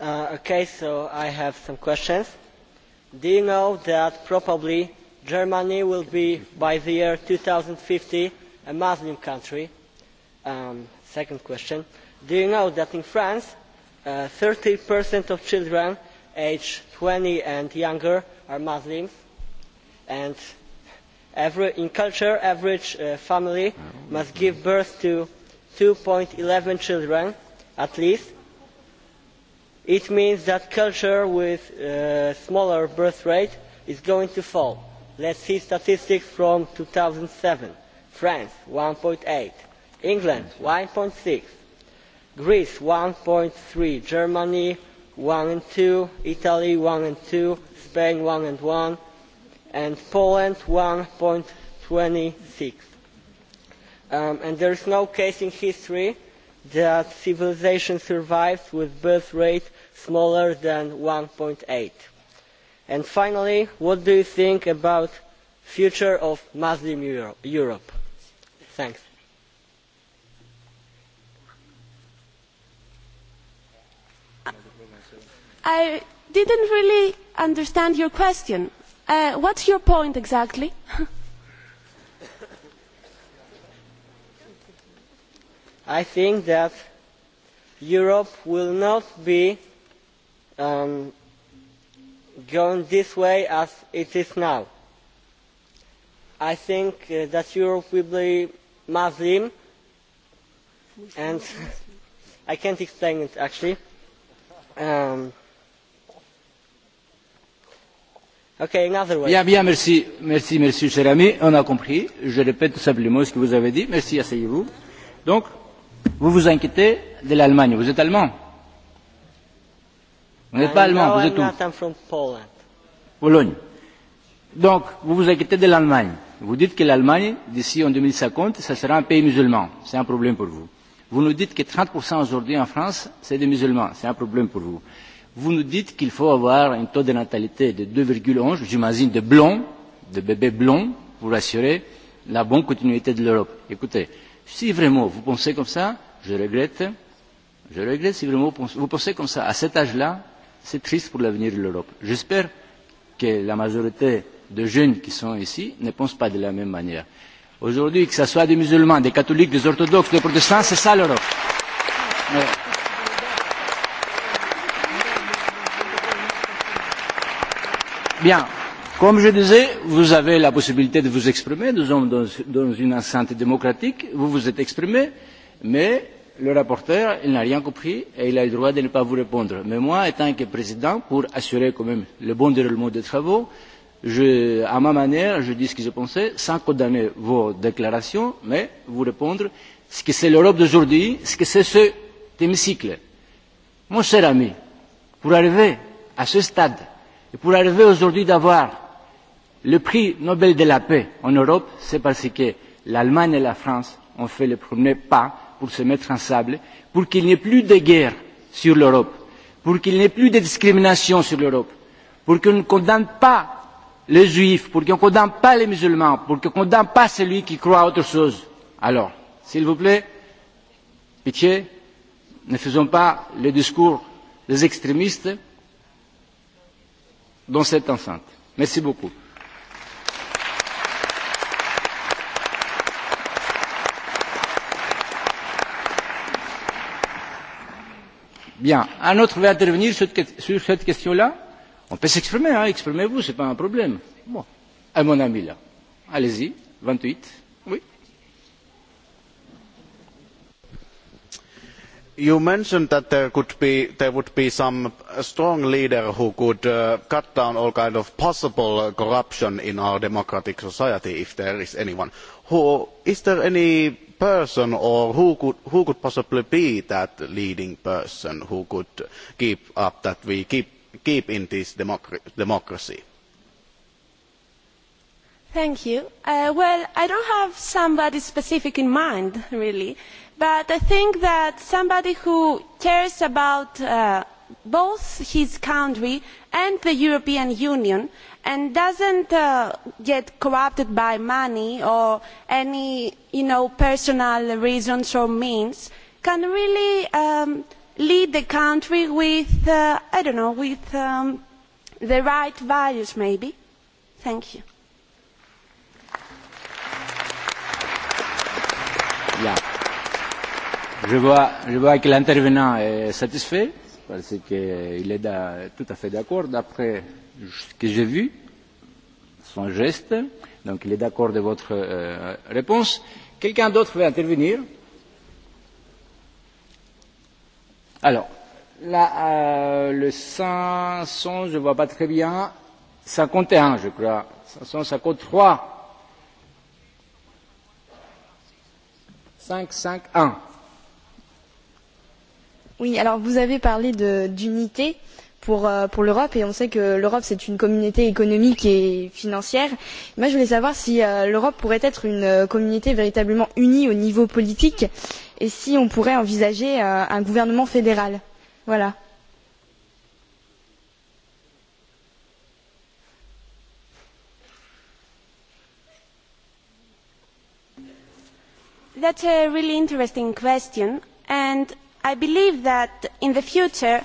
Uh, okay, so I have some questions. Do you know that probably Germany will be, by the year 2050, a Muslim country? Um, second question. Do you know that in France, uh, 30% of children aged twenty and younger are muslims and in culture the average uh, family must give birth to. two eleven children at least. it means that culture with a uh, smaller birth rate is going to fall. let us see statistics from two thousand and seven france. one eight england. one six greece. one three germany one and two, Italy one and two, Spain one and one, and Poland 1.26. Um, and there is no case in history that civilization survives with birth rate smaller than 1.8. And finally, what do you think about future of Muslim Euro Europe? Thanks. I didn't really understand your question. Uh, what's your point exactly? I think that Europe will not be um, going this way as it is now. I think uh, that Europe will be Muslim, and I can't explain it actually. Um, Okay, another way. Bien, bien, merci, merci, merci, cher ami. On a compris. Je répète tout simplement ce que vous avez dit. Merci, asseyez-vous. Donc, vous vous inquiétez de l'Allemagne. Vous êtes allemand Vous n'êtes pas uh, allemand, no, vous êtes où Pologne. Donc, vous vous inquiétez de l'Allemagne. Vous dites que l'Allemagne, d'ici en 2050, ça sera un pays musulman. C'est un problème pour vous. Vous nous dites que 30% aujourd'hui en France, c'est des musulmans. C'est un problème pour vous vous nous dites qu'il faut avoir un taux de natalité de 2,11, j'imagine de blonds de bébés blonds pour assurer la bonne continuité de l'europe. écoutez si vraiment vous pensez comme ça je regrette je regrette si vraiment vous pensez comme ça à cet âge là c'est triste pour l'avenir de l'europe. j'espère que la majorité de jeunes qui sont ici ne pensent pas de la même manière. aujourd'hui que ce soit des musulmans des catholiques des orthodoxes des protestants c'est ça l'europe. Bien. Comme je disais, vous avez la possibilité de vous exprimer. Nous sommes dans, une enceinte démocratique. Vous vous êtes exprimé, mais le rapporteur, n'a rien compris et il a le droit de ne pas vous répondre. Mais moi, étant que président, pour assurer quand même le bon déroulement des travaux, je, à ma manière, je dis ce que je pensais, sans condamner vos déclarations, mais vous répondre ce que c'est l'Europe d'aujourd'hui, ce que c'est cet hémicycle. Mon cher ami, pour arriver à ce stade, Et pour arriver aujourd'hui d'avoir le prix Nobel de la paix en Europe, c'est parce que l'Allemagne et la France ont fait le premier pas pour se mettre en sable, pour qu'il n'y ait plus de guerre sur l'Europe, pour qu'il n'y ait plus de discrimination sur l'Europe, pour qu'on ne condamne pas les juifs, pour qu'on ne condamne pas les musulmans, pour qu'on ne condamne pas celui qui croit à autre chose. Alors, s'il vous plaît, pitié, ne faisons pas le discours des extrémistes dans cette enceinte. Merci beaucoup. Bien. Un autre veut intervenir sur, cette question-là On peut s'exprimer, hein, exprimez-vous, ce n'est pas un problème. Bon. À mon ami là. Allez-y, 28. you mentioned that there, would be some strong leader who could uh, cut down all kinds of possible uh, corruption in our democratic society if there is anyone. Who, is there any person or who could, possibly be that leading person who could keep up that we keep, keep in this democracy? Thank you. Uh, well, I don't have somebody specific in mind, really but i think that somebody who cares about uh, both his country and the european union and does not uh, get corrupted by money or any personal reasons or means can really um, lead the country with uh, i do not know with um, the right values maybe thank you je vois, je vois que l'intervenant est satisfait parce qu'il est da, tout à fait d'accord d'après ce que j'ai vu, son geste. Donc il est d'accord de votre euh, réponse. Quelqu'un d'autre veut intervenir Alors, là, euh, le 500, je ne vois pas très bien. 51, je crois. 553. 551. Oui, alors vous avez parlé d'unité pour, euh, pour l'Europe et on sait que l'Europe c'est une communauté économique et financière. Moi je voulais savoir si euh, l'Europe pourrait être une euh, communauté véritablement unie au niveau politique et si on pourrait envisager euh, un gouvernement fédéral. Voilà. That's a really interesting question and i believe that in the future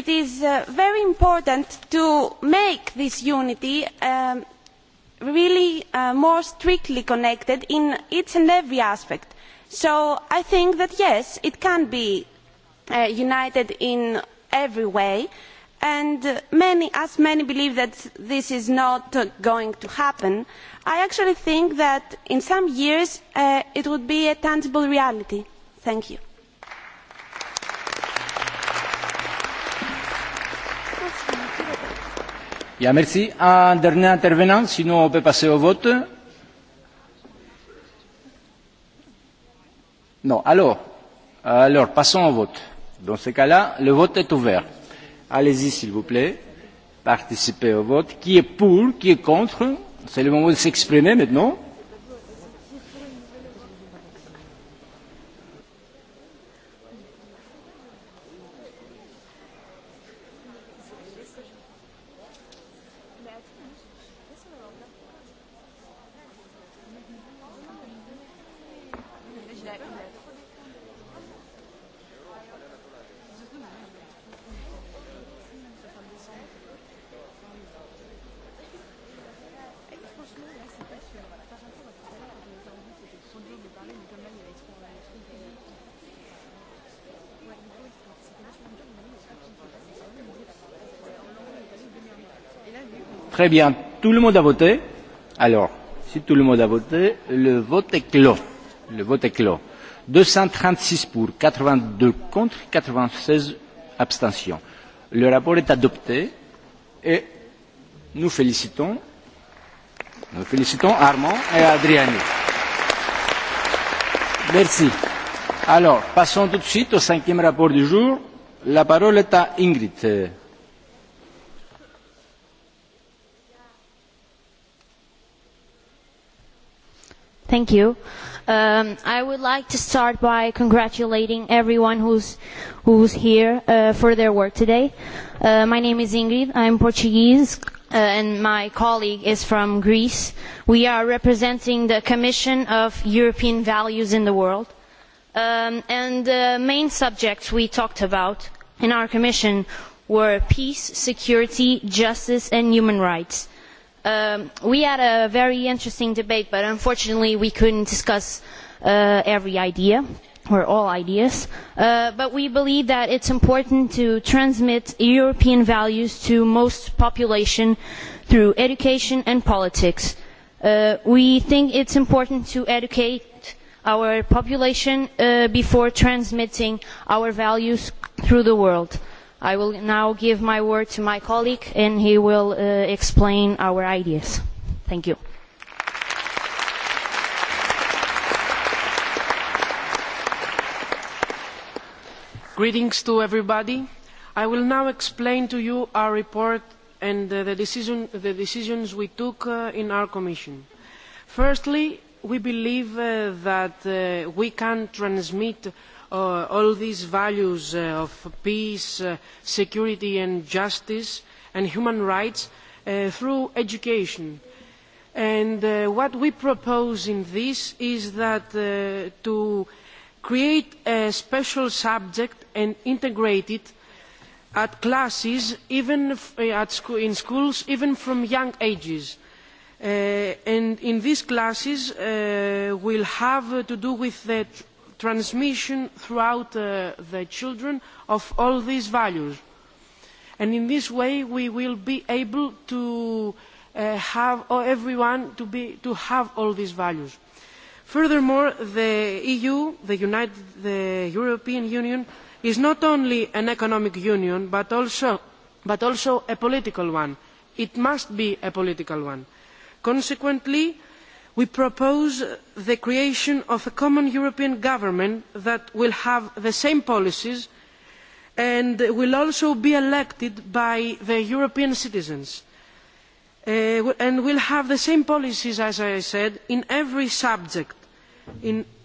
it is uh, very important to make this unity um, really uh, more strictly connected in each and every aspect. so i think that yes it can be uh, united in every way and as many believe that this is not going to happen i actually think that in some years it would be a tangible reality. thank you. Bien, merci. Un dernier intervenant, sinon on peut passer au vote. Non, alors, alors passons au vote. Dans ce cas-là, le vote est ouvert. Allez-y, s'il vous plaît. Participez au vote. Qui est pour, qui est contre C'est le moment de s'exprimer maintenant. Très bien. Tout le monde a voté Alors, si tout le monde a voté, le vote est clos. Le vote est clos. 236 pour, 82 contre, 96 abstentions. Le rapport est adopté et nous félicitons, nous félicitons Armand et Adriani. Merci. Alors, passons tout de suite au cinquième rapport du jour. La parole est à Ingrid. Thank you. Um, I would like to start by congratulating everyone who's, who's here uh, for their work today. Uh, my name is Ingrid. I'm Portuguese, uh, and my colleague is from Greece. We are representing the Commission of European Values in the World. Um, and the main subjects we talked about in our commission were peace, security, justice, and human rights Um, we had a very interesting debate, but unfortunately we couldn't discuss uh, every idea or all ideas. Uh, but we believe that it's important to transmit European values to most population through education and politics. Uh, we think it's important to educate our population uh, before transmitting our values through the world. Uh, i will now give my word to my colleague and he will uh, explain our ideas. Thank you. Greetings to everybody. I will now explain to you our report and uh, the, decision, the decisions we took uh, in our Commission. Firstly, we believe uh, that uh, we can transmit Uh, all these values uh, of peace, uh, security and justice and human rights uh, through education. And uh, what we propose in this is that to create a special subject and integrate it at classes, even at sco in schools, even from young ages. and in these classes uh, will have to do with the transmission throughout uh, the children of all these values. And in this way we will be able to uh, have everyone to, be, to have all these values. Furthermore, the EU, the, United, the European Union, is not only an economic union but also, but also a political one. It must be a political one. Consequently, we propose the creation of a common european government that will have the same policies and will also be elected by the european citizens uh, and will have the same policies as i said in every subject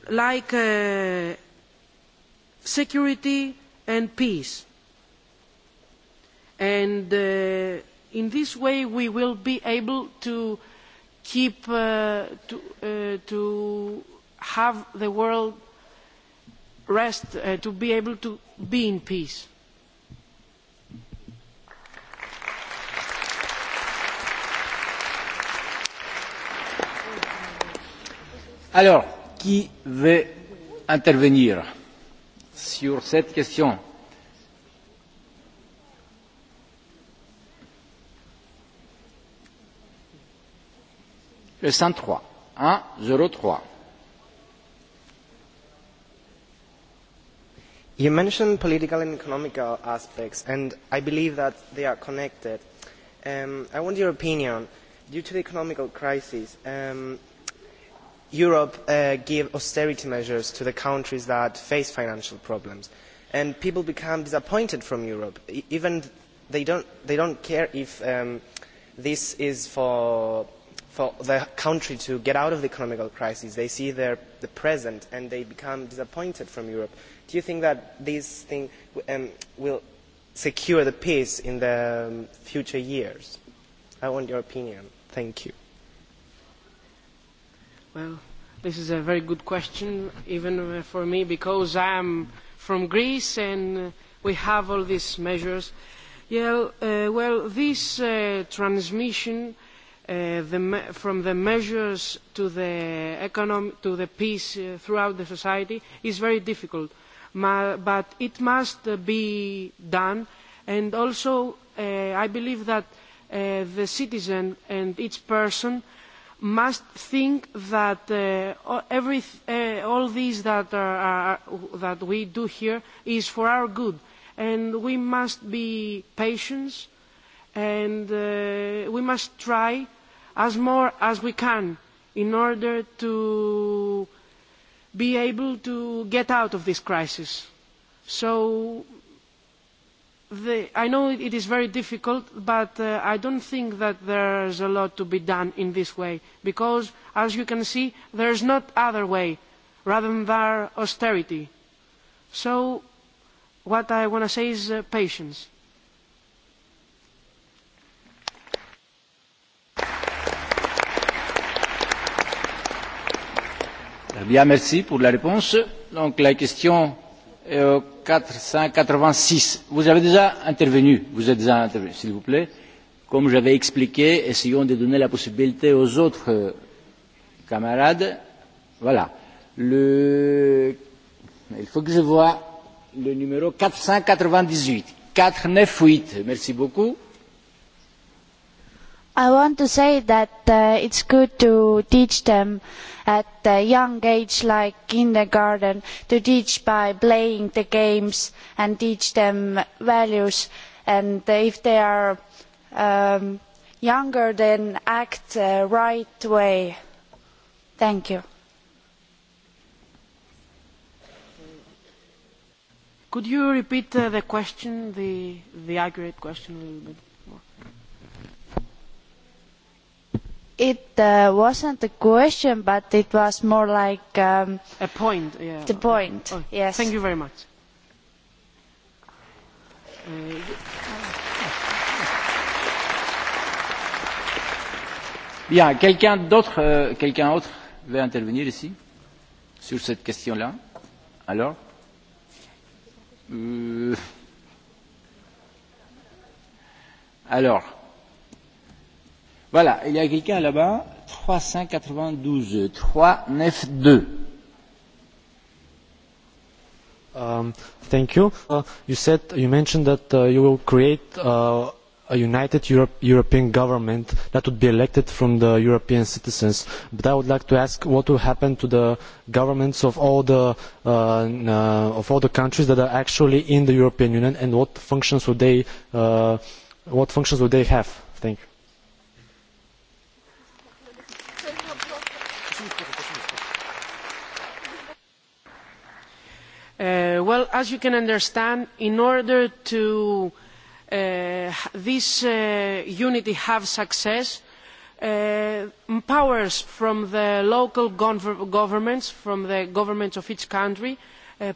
like uh, security and peace uh, in this way we will be able keep uh, to, uh, to have the world rest, uh, to be able to be in peace. Alors, qui veut intervenir sur cette question le You mentioned political and economical uh, aspects, and I believe that they are connected. Um, I want your opinion. Due to the economical crisis, um, Europe uh, gave austerity measures to the countries that face financial problems, and people become disappointed from Europe. E, even they don't, they don't care if um, this is for for the country to get out of the economic crisis. They see their, the present and they become disappointed from Europe. Do you think that this thing um, will secure the peace in the um, future years? I want your opinion. Thank you. Well, this is a very good question, even uh, for me, because I am from Greece and uh, we have all these measures. Yeah, uh, well, this uh, transmission Uh, from the measures to the, peace uh, throughout the society is very difficult. but it must uh, be done. And also, I believe that the citizen and each person must think that every, all these that, are, are, that, we do here is for our good. And we must be patient and we must try as much as we can in order to be able to get out of this crisis. So the, I know it is very difficult, but uh, I don't think that there is a lot to be done in this way, because, as you can see, there is not other way rather than austerity. So what I want to say is uh, patience. Eh bien, merci pour la réponse. Donc la 486. Vous avez déjà intervenu. Vous êtes déjà intervenu, s'il vous plaît. Comme j'avais expliqué, essayons de donner la possibilité aux autres euh, camarades. Voilà. Il faut que je voie le numéro 498. 498. Merci beaucoup. I want to say that uh, it's good to teach them at a young age, like kindergarten, to teach by playing the games and teach them values. And if they are um, younger, then act the uh, right way. Thank you. Could you repeat uh, the question, the, the accurate question a little bit? it uh, wasn't a question, but it was more like um, a point. Yeah. The point. Oh, yes. Thank you very much. Bien, uh, quelqu'un d'autre, euh, quelqu'un autre veut intervenir ici sur cette question-là. Alors, euh, alors. Voilà, il y a quelqu'un là-bas, 392, 392. Um, thank you. Uh, you said you mentioned that uh, you will create uh, a united Europe, European government that would be elected from the European citizens. But I would like to ask what will happen to the governments of all the, uh, uh of all the countries that are actually in the European Union and what functions will they, uh, what functions will they have? Thank you. Uh, well, as you can understand, in order for uh, this uh, unity to have success, powers from the local governments, from the governments of each country,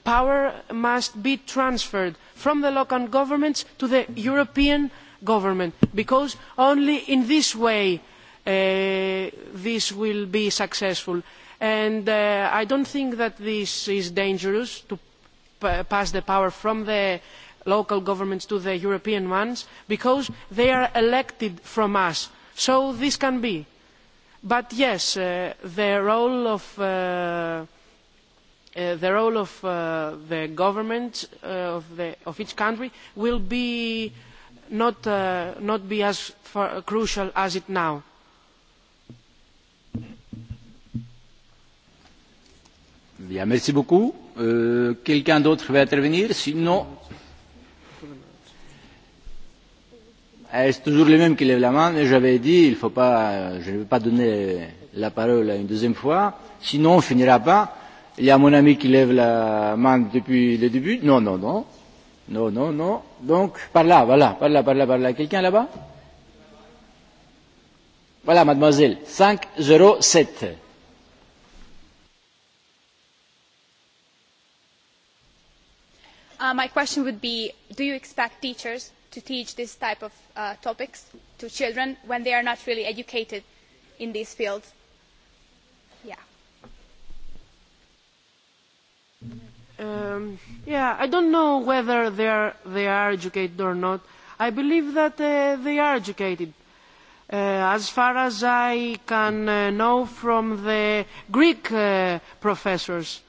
power must be transferred from the local governments to the European government, because only in this way this will be successful. i do not think that this is dangerous to pass the power from the local governments to the european ones because they are elected from us so this can be but yes uh, the role of uh, uh, the role of uh, the government uh, of, the, of each country will be not uh, not be as far, crucial as it now Bien, merci beaucoup Euh, quelqu'un d'autre veut intervenir Sinon. Ah, c'est toujours le même qui lève la main, mais j'avais dit, il faut pas, je ne vais pas donner la parole une deuxième fois, sinon on ne finira pas. Il y a mon ami qui lève la main depuis le début. Non, non, non. Non, non, non. Donc, par là, voilà, par là, par là, par là. Quelqu'un là-bas Voilà, mademoiselle. 507. Uh, my question would be do you expect teachers to teach these types of uh, topics to children when they are not really educated in these fields? Um, i do not know whether they are, educated or not. I believe that uh, they are educated. as far as I can know from the Greek professors,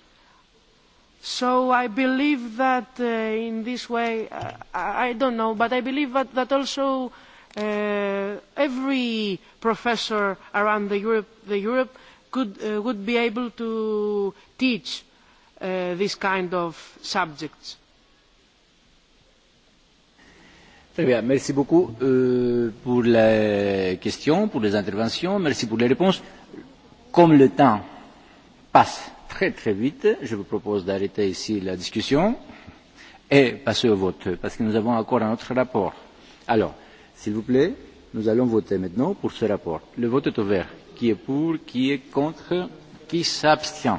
So I believe that uh, in this way, uh, I don't know, but I believe that, that also uh, every professor around the Europe, the Europe could, uh, would be able to teach uh, this kind of subjects. Très bien, merci beaucoup euh, pour les questions, pour les interventions, merci pour les réponses. Comme le temps passe, très très vite. Je vous propose d'arrêter ici la discussion et passer au vote, parce que nous avons encore un autre rapport. Alors, s'il vous plaît, nous allons voter maintenant pour ce rapport. Le vote est ouvert. Qui est pour Qui est contre Qui s'abstient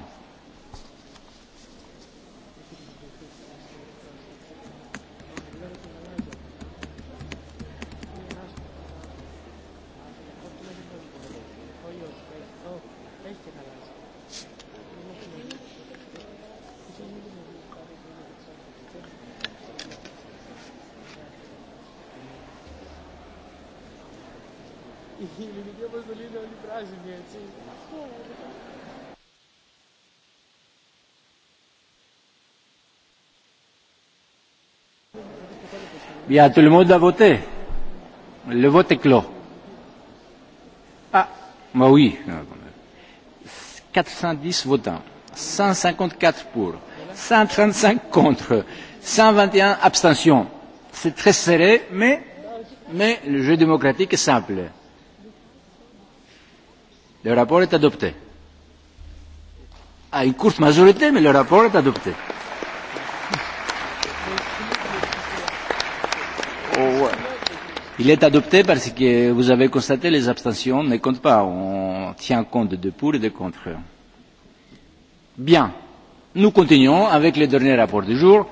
Ili Dievas dalina į brazinį atsiimti. Bien, tout le monde a voté. Le vote est clos. Ah, moi oui. 410 votants, 154 pour, 135 contre, 121 abstentions. C'est très serré, mais, mais le jeu démocratique est simple Le rapport est adopté. À une courte majorité, mais le rapport est adopté. Oh, ouais. Il est adopté parce que vous avez constaté les abstentions ne comptent pas. On tient compte de pour et de contre. Bien. Nous continuons avec le dernier rapport du jour.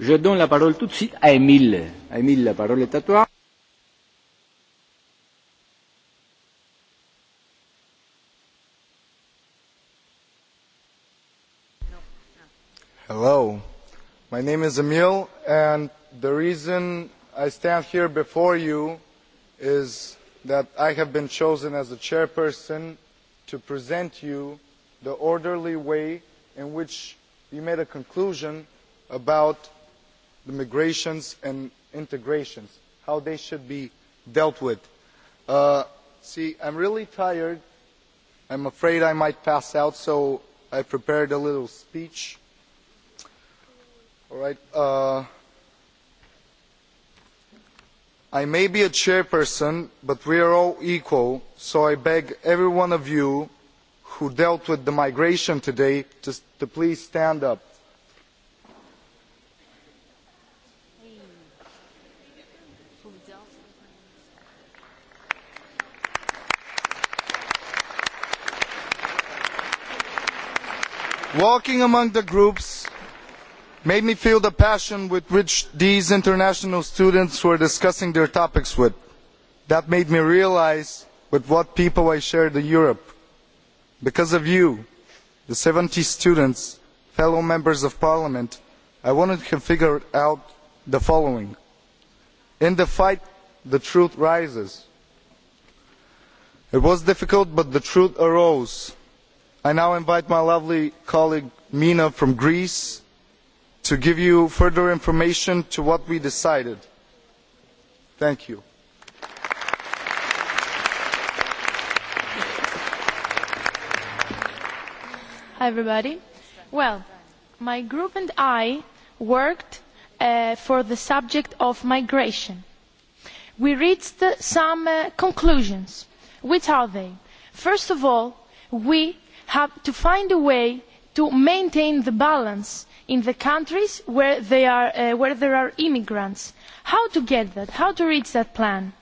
Je donne la parole tout de suite à Émile. Émile, la parole est à toi my name is emil and the reason i stand here before you is that i have been chosen as the chairperson to present you the orderly way in which you made a conclusion about the migration and integration how they should be dealt with. Uh, see, I'm really tired. I'm afraid I might pass out, so I prepared a little speech Right. Uh, I may be a chairperson, but we are all equal, so I beg every one of you who dealt with the migration today to please stand up. Walking among the groups made me feel the passion with which these international students were discussing their topics with. That made me realise with what people I share the Europe. Because of you, the 70 students, fellow members of parliament, I wanted to figure out the following. In the fight, the truth rises. It was difficult, but the truth arose. I now invite my lovely colleague Mina from Greece to give you further information to what we decided. Thank you. Hi everybody. Well, my group and I worked uh, for the subject of migration. We reached some uh, conclusions. Which are they? First of all, we have to find a way to maintain the balance in the countries where, are, uh, where there are immigrants. how to get that how to reach that plan?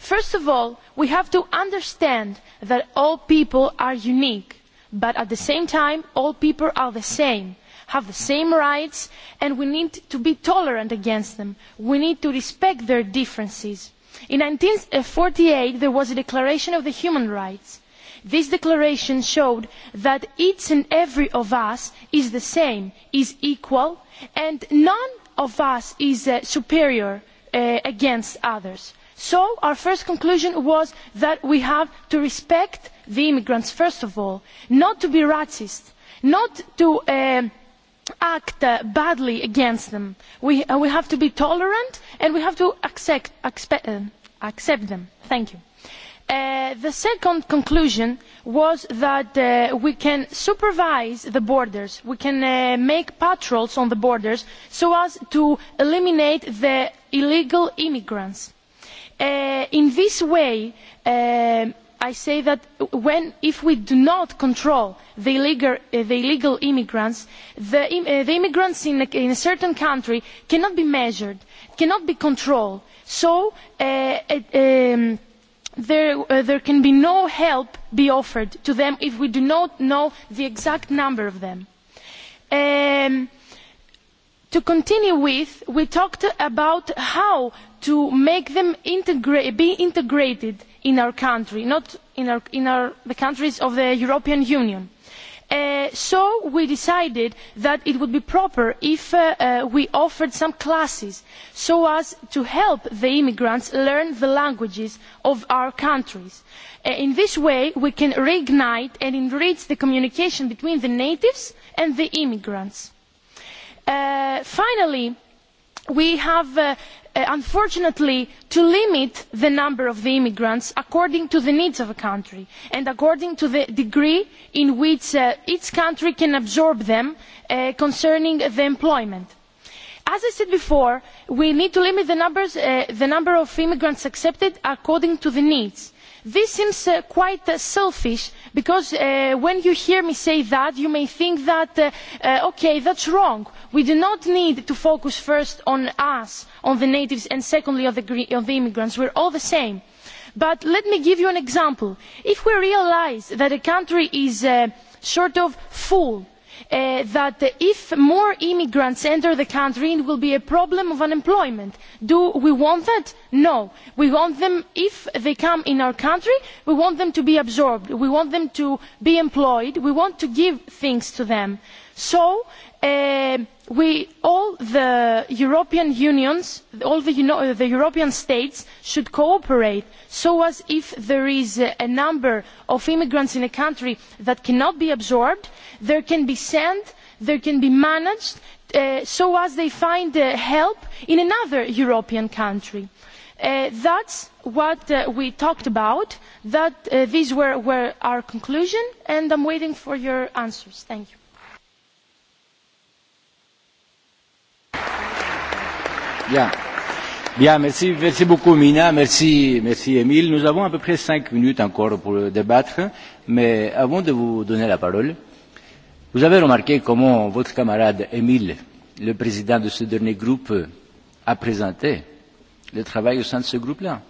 first of all we have to understand that all people are unique but at the same time all people are the same have the same rights and we need to be tolerant against them. we need to respect their differences. in one thousand nine hundred and forty eight there was a declaration of the human rights this declaration showed that each and every one of us is the same is equal and none of us is uh, superior uh, against others. so our first conclusion was that we have to respect the immigrants first of all not to be racist not to um, act uh, badly against them. Uh, we, have to be tolerant and we have to accept, accept um, them. Thank you. Uh, the second conclusion was that uh, we can supervise the borders we can uh, make patrols on the borders so as to eliminate the illegal immigrants. in this way i say that if we do not control the illegal, immigrants the, immigrants in a, certain country cannot be measured cannot be controlled so um, There, uh, there can be no help be offered to them if we do not know the exact number of them. Um, to continue with, we talked about how to make them integra be integrated in our country, not in, our, in our, the countries of the European Union Uh, so we decided that it would be proper if uh, uh, we offered some classes so as to help the immigrants learn the languages of our countries. in this way we can reignite and enrich the communication between the natives and the immigrants. finally we have Uh, unfortunately to limit the number of immigrants according to the needs of a country and according to the degree to which uh, each country can absorb them uh, concerning employment. as i said before we need to limit the number of immigrants accepted according to the needs this seems uh, quite uh, selfish because uh, when you hear me say that you may think that uh, uh, okay that is wrong we do not need to focus first on us on the natives and secondly on the, on the immigrants we are all the same. but let me give you an example if we realise that a country is uh, sort of full Uh, that if more immigrants enter the country it will be a problem of unemployment. do we want that? no. we want them if they come in our country we want them to be absorbed we want them to be employed we want to give things to them. so Eh, all the European unions, all the, uh, European states should cooperate so that if there is a, number of immigrants in a country that cannot be absorbed, they can be sent, they can be managed eh, so that they find eh, help in another European country. that is what we talked about these were, our conclusions and i am waiting for your answers. Bien. Bien, merci, merci beaucoup Mina, merci, merci Emile. Nous avons à peu près cinq minutes encore pour débattre, mais avant de vous donner la parole, vous avez remarqué comment votre camarade Emile, le président de ce dernier groupe, a présenté le travail au sein de ce groupe-là.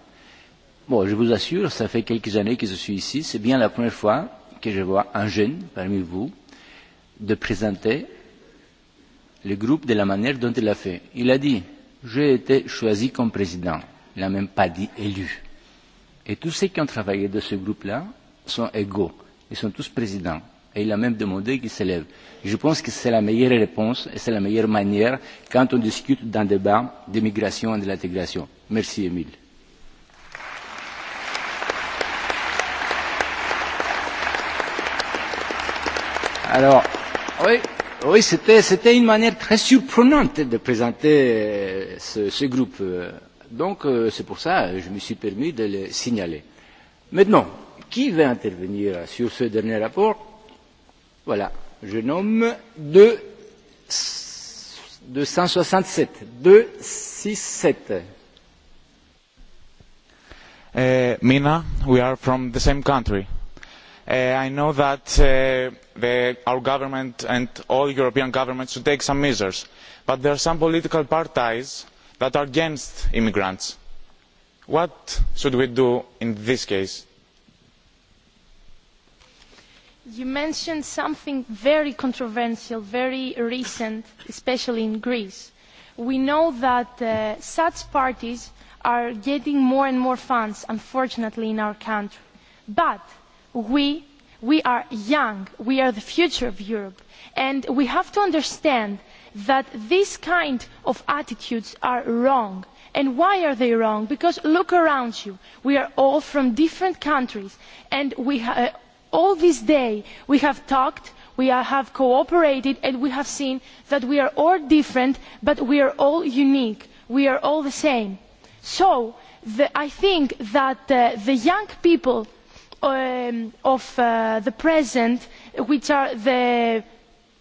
Bon, je vous assure, ça fait quelques années que je suis ici, c'est bien la première fois que je vois un jeune parmi vous de présenter le groupe de la manière dont il l'a fait. Il a dit J'ai été choisi comme président. Il n'a même pas dit élu. Et tous ceux qui ont travaillé dans ce groupe-là sont égaux. Ils sont tous présidents. Et il a même demandé qu'ils s'élèvent. Je pense que c'est la meilleure réponse et c'est la meilleure manière quand on discute d'un débat d'immigration et de l'intégration. Merci, Émile. Alors, oui, Oui, c'était, c'était une manière très surprenante de présenter euh, ce, ce groupe. Euh. Donc, euh, c'est pour ça que je me suis permis de le signaler. Maintenant, qui va intervenir sur ce dernier rapport Voilà, je nomme 2, 267. 267. Uh, Mina, we are from the same country Eh, i know that eh, our government and all european governments should take some measures but there are some political parties that are against immigrants. what should we do in this case? you mentioned something very controversial very recent especially in greece. we know that uh, such parties are getting more and more funds unfortunately in our country but we, we are young, we are the future of Europe, and we have to understand that these kind of attitudes are wrong. And why are they wrong? Because look around you. We are all from different countries, and we ha- uh, all this day we have talked, we have cooperated, and we have seen that we are all different, but we are all unique. We are all the same. So the, I think that uh, the young people Um, of uh, the present, which are the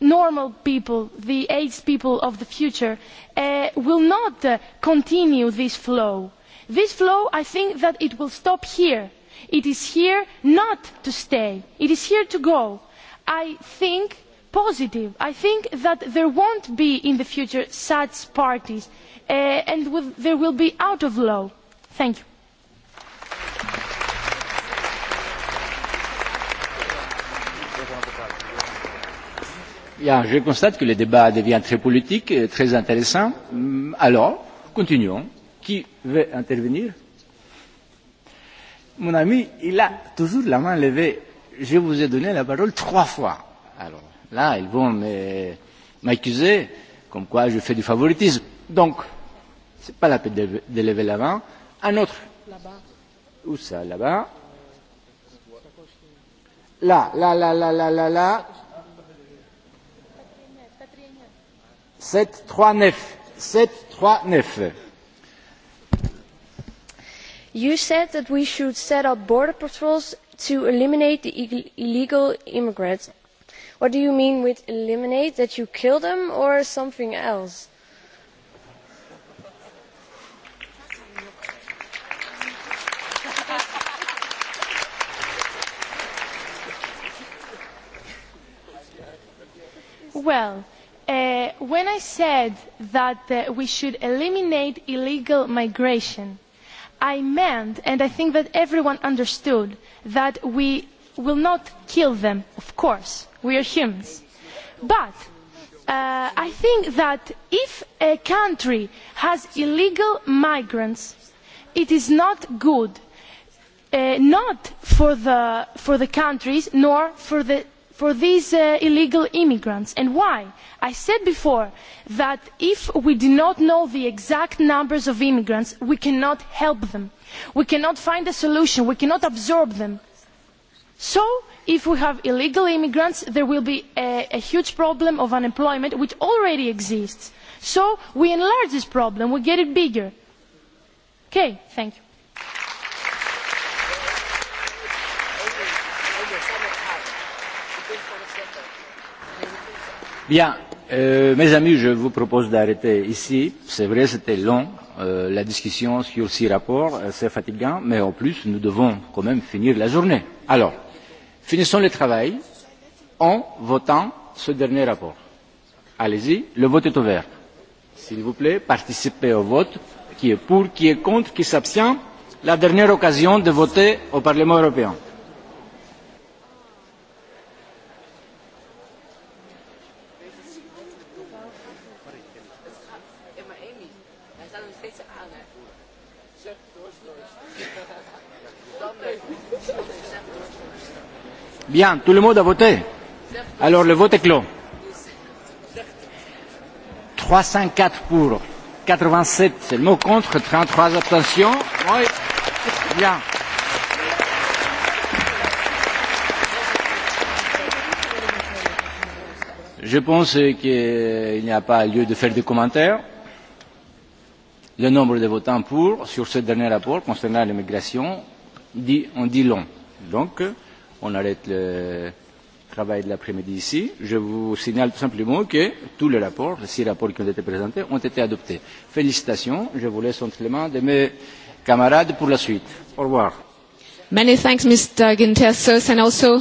normal people, the aged people of the future, uh, will not uh, continue this flow. This flow, I think that it will stop here. It is here not to stay. It is here to go. I think positive. I think that there won't be in the future such parties and there will be out of law. Thank you. Bien, je constate que le débat devient très politique, et très intéressant. Mm, alors, continuons. Qui veut intervenir Mon ami, il a toujours la main levée. Je vous ai donné la parole trois fois. Alors là, ils vont m'accuser comme quoi je fais du favoritisme. Donc, ce n'est pas la peine de, de lever la main. Un autre. Là-bas. Où ça, là-bas Là, là, là, là, là, là, là. 739. You said that we should set up border patrols to eliminate the illegal immigrants. What do you mean with eliminate? That you kill them or something else? Well, Uh, when I said that uh, we should eliminate illegal migration, I meant, and I think that everyone understood, that we will not kill them, of course. We are humans. But uh, I think that if a country has illegal migrants, it is not good, uh, not for the, for the countries nor for the for these uh, illegal immigrants and why? i said before that if we do not know the exact numbers of immigrants we cannot help them we cannot find a solution we cannot absorb them. so if we have illegal immigrants there will be a, a huge problem of unemployment which already exists so we enlarge this problem we get it bigger. okay thank you. Bien, euh, mes amis, je vous propose d'arrêter ici. C'est vrai, c'était long, euh, la discussion sur six rapports, euh, c'est fatigant, mais en plus, nous devons quand même finir la journée. Alors, finissons le travail en votant ce dernier rapport. Allez-y, le vote est ouvert. S'il vous plaît, participez au vote. Qui est pour, qui est contre, qui s'abstient La dernière occasion de voter au Parlement européen. Bien, tout le monde a voté Alors le vote est clos. 304 pour, 87 seulement contre, 33 abstentions. Oui. Bien. Je pense qu'il n'y a pas lieu de faire de commentaires. Le nombre de votants pour sur ce dernier rapport concernant l'immigration dit, on dit long. Donc, on arrête le travail de l'après-midi ici. Je vous signale tout simplement que tous les rapports, les six rapports qui ont été présentés, ont été adoptés. Félicitations. Je vous laisse entre les mains de mes camarades pour la suite. Au revoir. Many thanks, Mr. Gintersos, and also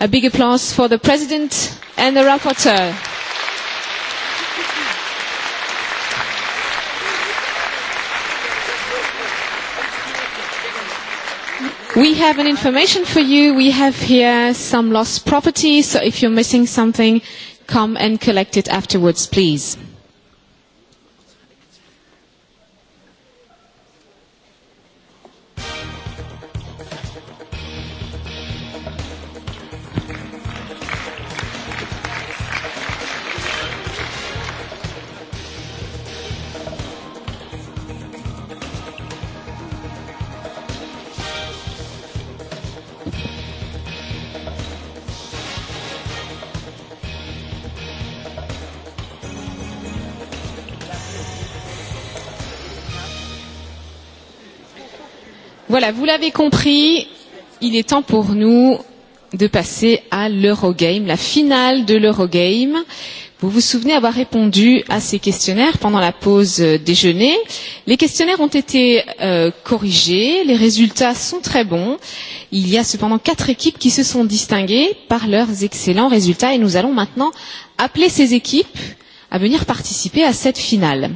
a big applause for the President and the rapporteur. We have an information for you. We have here some lost property, so if you're missing something, come and collect it afterwards, please. Voilà, vous l'avez compris, il est temps pour nous de passer à l'Eurogame, la finale de l'Eurogame. Vous vous souvenez avoir répondu à ces questionnaires pendant la pause déjeuner. Les questionnaires ont été euh, corrigés, les résultats sont très bons. Il y a cependant quatre équipes qui se sont distinguées par leurs excellents résultats et nous allons maintenant appeler ces équipes à venir participer à cette finale.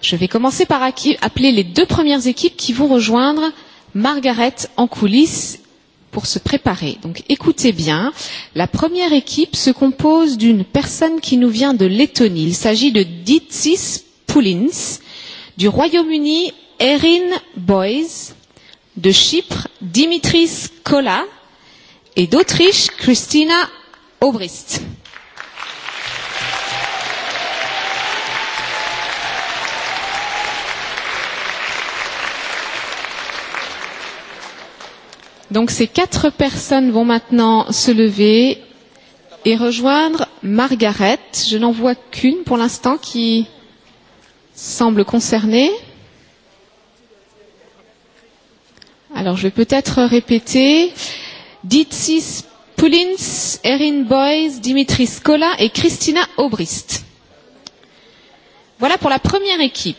Je vais commencer par appeler les deux premières équipes qui vont rejoindre euh, Margaret en coulisses pour se préparer. Donc écoutez bien, la première équipe se compose d'une personne qui nous vient de Lettonie. Il s'agit de Ditsis Poulins, du Royaume-Uni Erin Boys, de Chypre Dimitris Kola et d'Autriche Christina Obrist. Donc ces quatre personnes vont maintenant se lever et rejoindre Margaret. Je n'en vois qu'une pour l'instant qui semble concernée. Alors je vais peut-être répéter. Ditsis Poulins, Erin Boyce, Dimitri Scola et Christina Aubrist. Voilà pour la première équipe.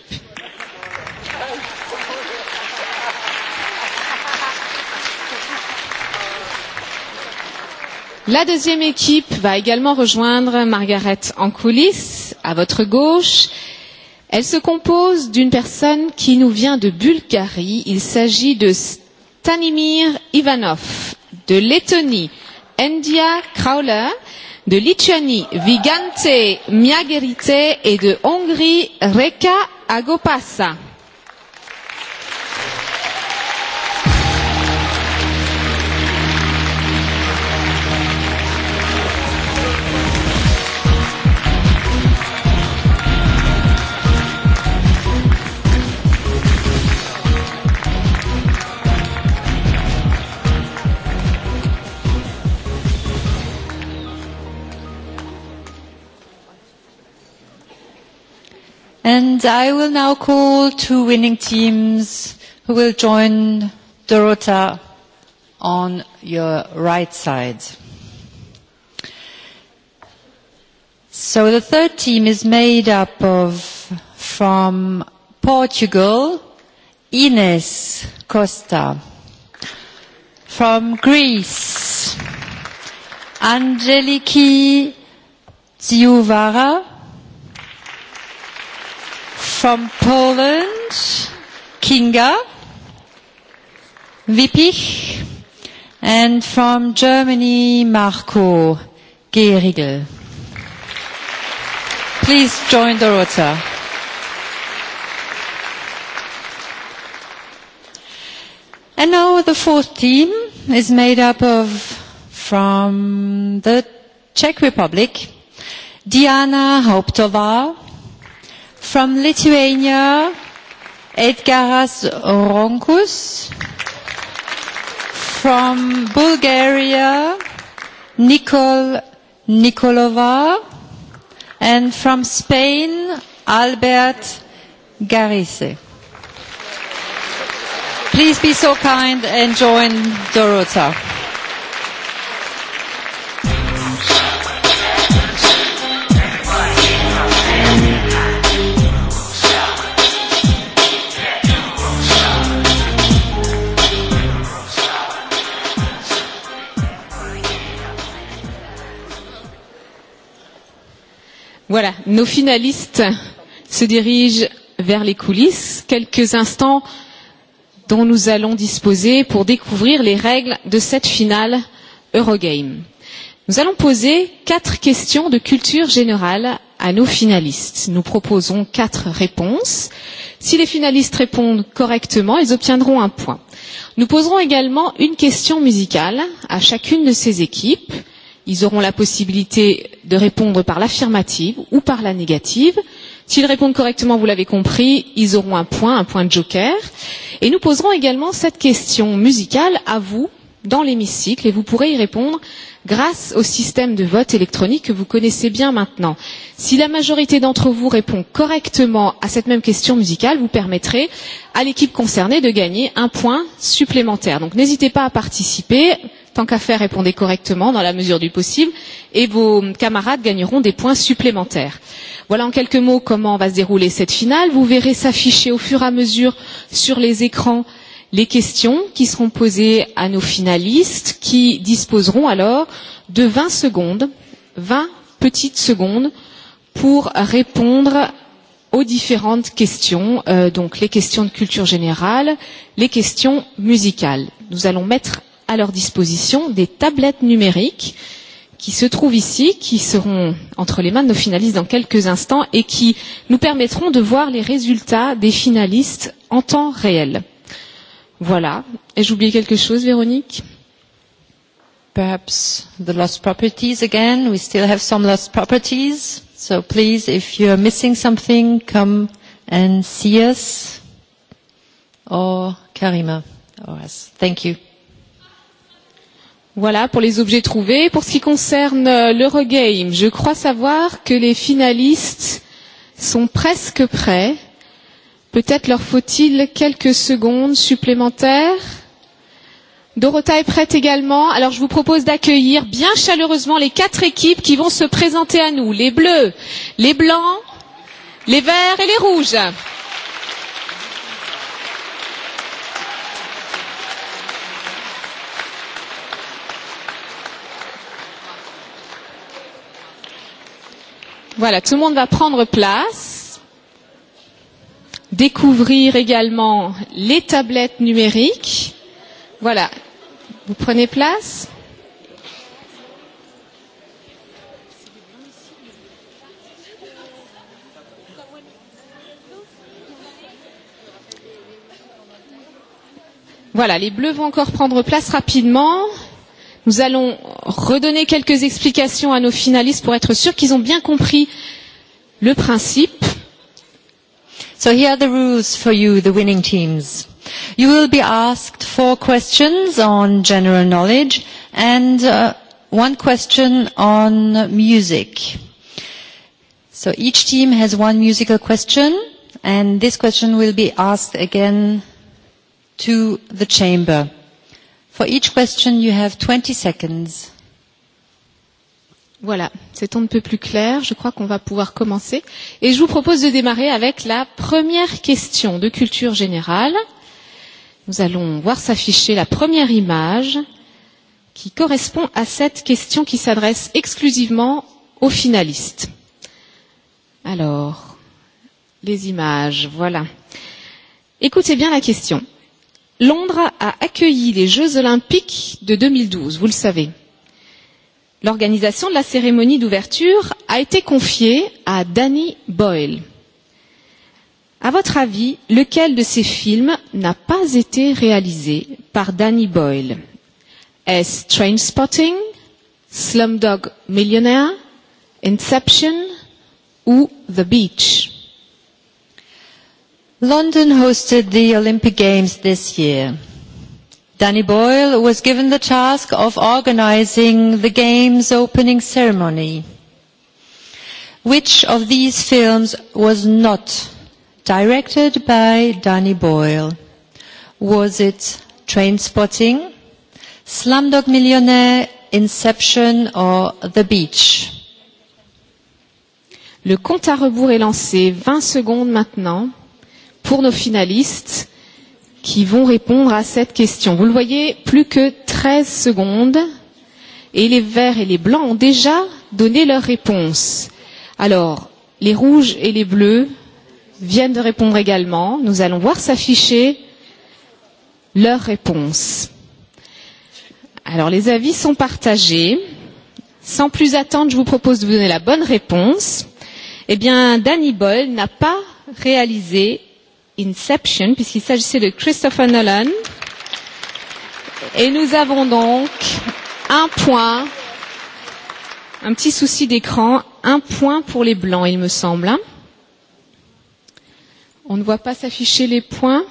La deuxième équipe va également rejoindre Margaret en coulisses, à votre gauche. Elle se compose d'une personne qui nous vient de Bulgarie. Il s'agit de Stanimir Ivanov, de Lettonie, Endia Krauler, de Lituanie, Vigante Miagerite et de Hongrie, Reka Agopasa. And I will now call two winning teams who will join Dorota on your right side. So the third team is made up of from Portugal, Ines Costa. From Greece, Angeliki Tsiouvara from Poland, Kinga Wippich, and from Germany, Marco Gehrigel. Please join Dorota. And now the fourth team is made up of from the Czech Republic, Diana Hauptová, From Lithuania, Edgaras Ronkus. From Bulgaria, Nicole Nikolova. And from Spain, Albert Garise. Please be so kind and join Dorota. Voilà, nos finalistes se dirigent vers les coulisses. Quelques instants dont nous allons disposer pour découvrir les règles de cette finale Eurogame. Nous allons poser quatre questions de culture générale à nos finalistes. Nous proposons quatre réponses. Si les finalistes répondent correctement, ils obtiendront un point. Nous poserons également une question musicale à chacune de ces équipes. Ils auront la possibilité de répondre par l'affirmative ou par la négative. S'ils répondent correctement, vous l'avez compris, ils auront un point, un point de joker. Et nous poserons également cette question musicale à vous dans l'hémicycle et vous pourrez y répondre grâce au système de vote électronique que vous connaissez bien maintenant. Si la majorité d'entre vous répond correctement à cette même question musicale, vous permettrez à l'équipe concernée de gagner un point supplémentaire. Donc n'hésitez pas à participer tant qu'à faire, répondez correctement dans la mesure du possible et vos camarades gagneront des points supplémentaires. Voilà en quelques mots comment va se dérouler cette finale. Vous verrez s'afficher au fur et à mesure sur les écrans les questions qui seront posées à nos finalistes qui disposeront alors de 20 secondes, 20 petites secondes pour répondre aux différentes questions, euh, donc les questions de culture générale, les questions musicales. Nous allons mettre à leur disposition des tablettes numériques qui se trouvent ici, qui seront entre les mains de nos finalistes dans quelques instants et qui nous permettront de voir les résultats des finalistes en temps réel. Voilà. Ai-je oublié quelque chose, Véronique Perhaps the lost properties again. We still have some lost properties. So please, if you're missing something, come and see us or Karima or us. Thank you. Voilà pour les objets trouvés. Pour ce qui concerne euh, l'Eurogame, je crois savoir que les finalistes sont presque prêts. Peut-être leur faut-il quelques secondes supplémentaires. Dorota est prête également. Alors je vous propose d'accueillir bien chaleureusement les quatre équipes qui vont se présenter à nous. Les bleus, les blancs, les verts et les rouges. Voilà, tout le monde va prendre place. Découvrir également les tablettes numériques. Voilà, vous prenez place. Voilà, les bleus vont encore prendre place rapidement. Nous allons redonner quelques explications à nos finalistes pour être sûrs qu'ils ont bien compris le principe. So here are the rules for you, the winning teams. You will be asked four questions on general knowledge and uh, one question on music. So each team has one musical question and this question will be asked again to the chamber. For each question, you have 20 seconds. Voilà, c'est on ne peut plus clair. Je crois qu'on va pouvoir commencer. Et je vous propose de démarrer avec la première question de culture générale. Nous allons voir s'afficher la première image qui correspond à cette question qui s'adresse exclusivement aux finalistes. Alors, les images, voilà. Écoutez bien la question. Londres a accueilli les Jeux olympiques de 2012, vous le savez. L'organisation de la cérémonie d'ouverture a été confiée à Danny Boyle. À votre avis, lequel de ces films n'a pas été réalisé par Danny Boyle Est-ce Trainspotting, Slumdog Millionaire, Inception ou The Beach London hosted the Olympic Games this year. Danny Boyle was given the task of organizing the game's opening ceremony. Which of these films was not directed by Danny Boyle? Was it Train Spotting, Slumdog Millionaire, Inception or The Beach? Le compte à rebours est lancé 20 secondes maintenant pour nos finalistes qui vont répondre à cette question. Vous le voyez, plus que 13 secondes et les verts et les blancs ont déjà donné leur réponse. Alors, les rouges et les bleus viennent de répondre également. Nous allons voir s'afficher leur réponse. Alors, les avis sont partagés. Sans plus attendre, je vous propose de vous donner la bonne réponse. Eh bien, Danny Boyle n'a pas réalisé Inception, puisqu'il s'agissait de Christopher Nolan. Et nous avons donc un point, un petit souci d'écran, un point pour les blancs, il me semble. On ne voit pas s'afficher les points.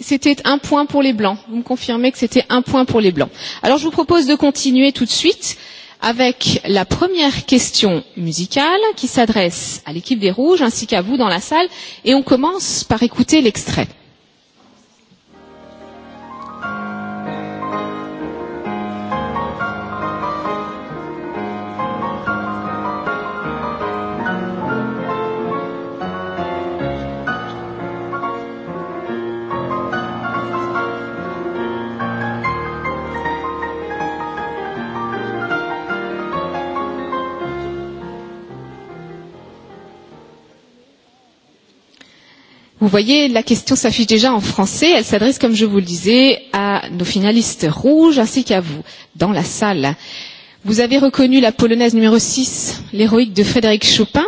C'était un point pour les blancs. Vous me confirmez que c'était un point pour les blancs. Alors je vous propose de continuer tout de suite. Euh, avec la première question musicale qui s'adresse à l'équipe des Rouges ainsi qu'à vous dans la salle et on commence par écouter l'extrait. Vous voyez, la question s'affiche déjà en français. Elle s'adresse, comme je vous le disais, à nos finalistes rouges ainsi qu'à vous, dans la salle. Vous avez reconnu la polonaise numéro 6, l'héroïque de Frédéric Chopin.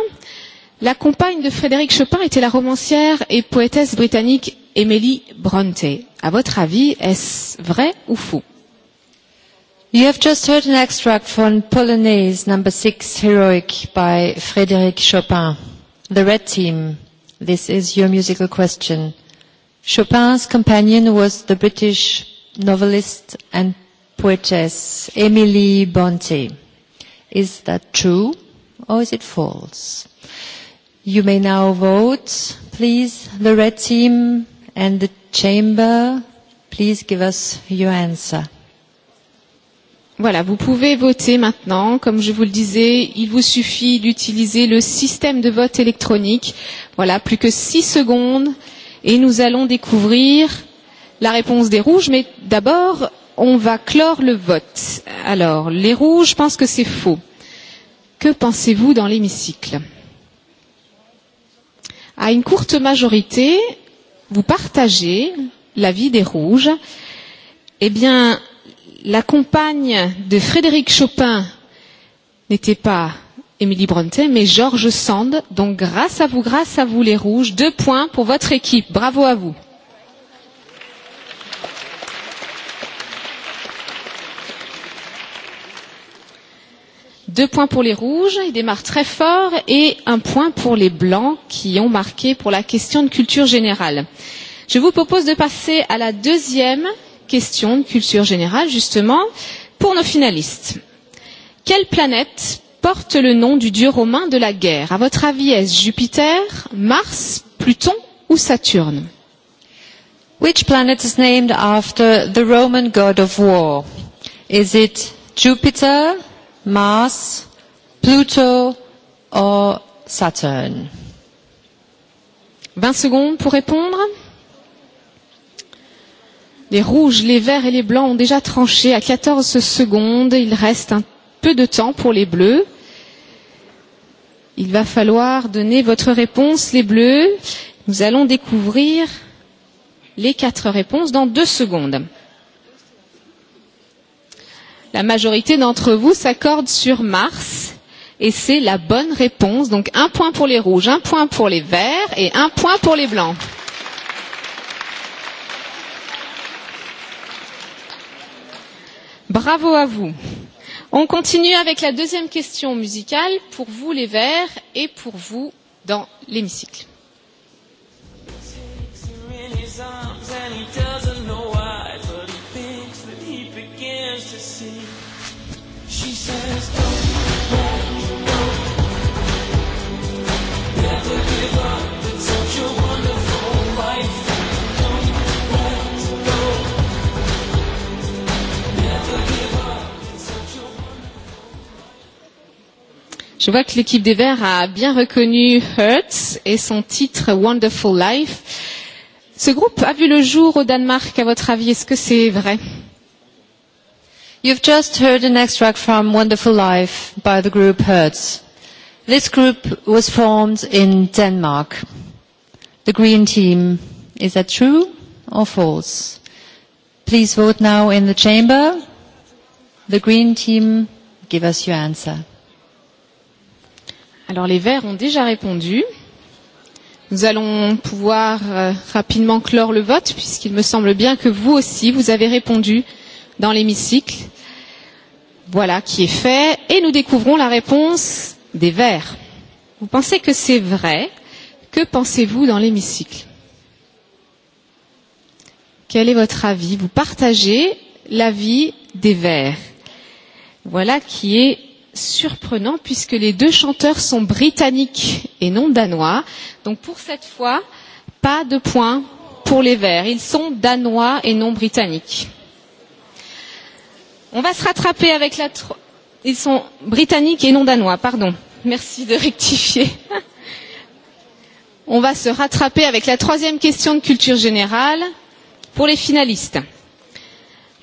La compagne de Frédéric Chopin était la romancière et poétesse britannique Emily Bronte. À votre avis, est-ce vrai ou faux? You have just heard an extract from Polonaise number 6 heroic by Frédéric Chopin. The red team This is your musical question. Chopin's companion was the British novelist and poetess Emily Bonte. Is that true or is it false? You may now vote. Please, the red team and the chamber, please give us your answer. Voilà, vous pouvez voter maintenant. Comme je vous le disais, il vous suffit d'utiliser le système de vote électronique. Voilà, plus que six secondes et nous allons découvrir la réponse des rouges. Mais d'abord, on va clore le vote. Alors, les rouges pensent que c'est faux. Que pensez-vous dans l'hémicycle À une courte majorité, vous partagez l'avis des rouges. Eh bien, la compagne de Frédéric Chopin n'était pas Émilie Brontë, mais Georges Sand. Donc grâce à vous, grâce à vous les Rouges, deux points pour votre équipe. Bravo à vous. Deux points pour les rouges, ils démarrent très fort, et un point pour les blancs qui ont marqué pour la question de culture générale. Je vous propose de passer à la deuxième question de culture générale, justement, pour nos finalistes. Quelle planète porte le nom du dieu romain de la guerre À votre avis, est-ce Jupiter, Mars, Pluton ou Saturne Which planet is named after the Roman god of war Is it Jupiter, Mars, Pluto or Saturn 20 secondes pour répondre. Les rouges, les verts et les blancs ont déjà tranché à 14 secondes. Il reste un peu de temps pour les bleus. Il va falloir donner votre réponse, les bleus. Nous allons découvrir les quatre réponses dans deux secondes. La majorité d'entre vous s'accorde sur Mars et c'est la bonne réponse. Donc un point pour les rouges, un point pour les verts et un point pour les blancs. Bravo à vous. On continue avec la deuxième question musicale pour vous les Verts et pour vous dans l'hémicycle. She no never give up. Je vois que l'équipe des Verts a bien reconnu Hertz et son titre Wonderful Life. Ce groupe a vu le jour au Danemark, à votre avis, est-ce que c'est vrai You've just heard an extract from Wonderful Life by the group Hertz. This group was formed in Denmark. The Green Team, is that true or false? Please vote now in the chamber. The Green Team, give us your answer. Alors les verts ont déjà répondu. Nous allons pouvoir euh, rapidement clore le vote puisqu'il me semble bien que vous aussi, vous avez répondu dans l'hémicycle. Voilà qui est fait et nous découvrons la réponse des verts. Vous pensez que c'est vrai Que pensez-vous dans l'hémicycle Quel est votre avis Vous partagez l'avis des verts. Voilà qui est surprenant puisque les deux chanteurs sont britanniques et non danois. Donc pour cette fois, pas de point pour les Verts. Ils sont danois et non britanniques. On va se rattraper avec la. Tro... Ils sont britanniques et non danois, pardon. Merci de rectifier. On va se rattraper avec la troisième question de culture générale pour les finalistes.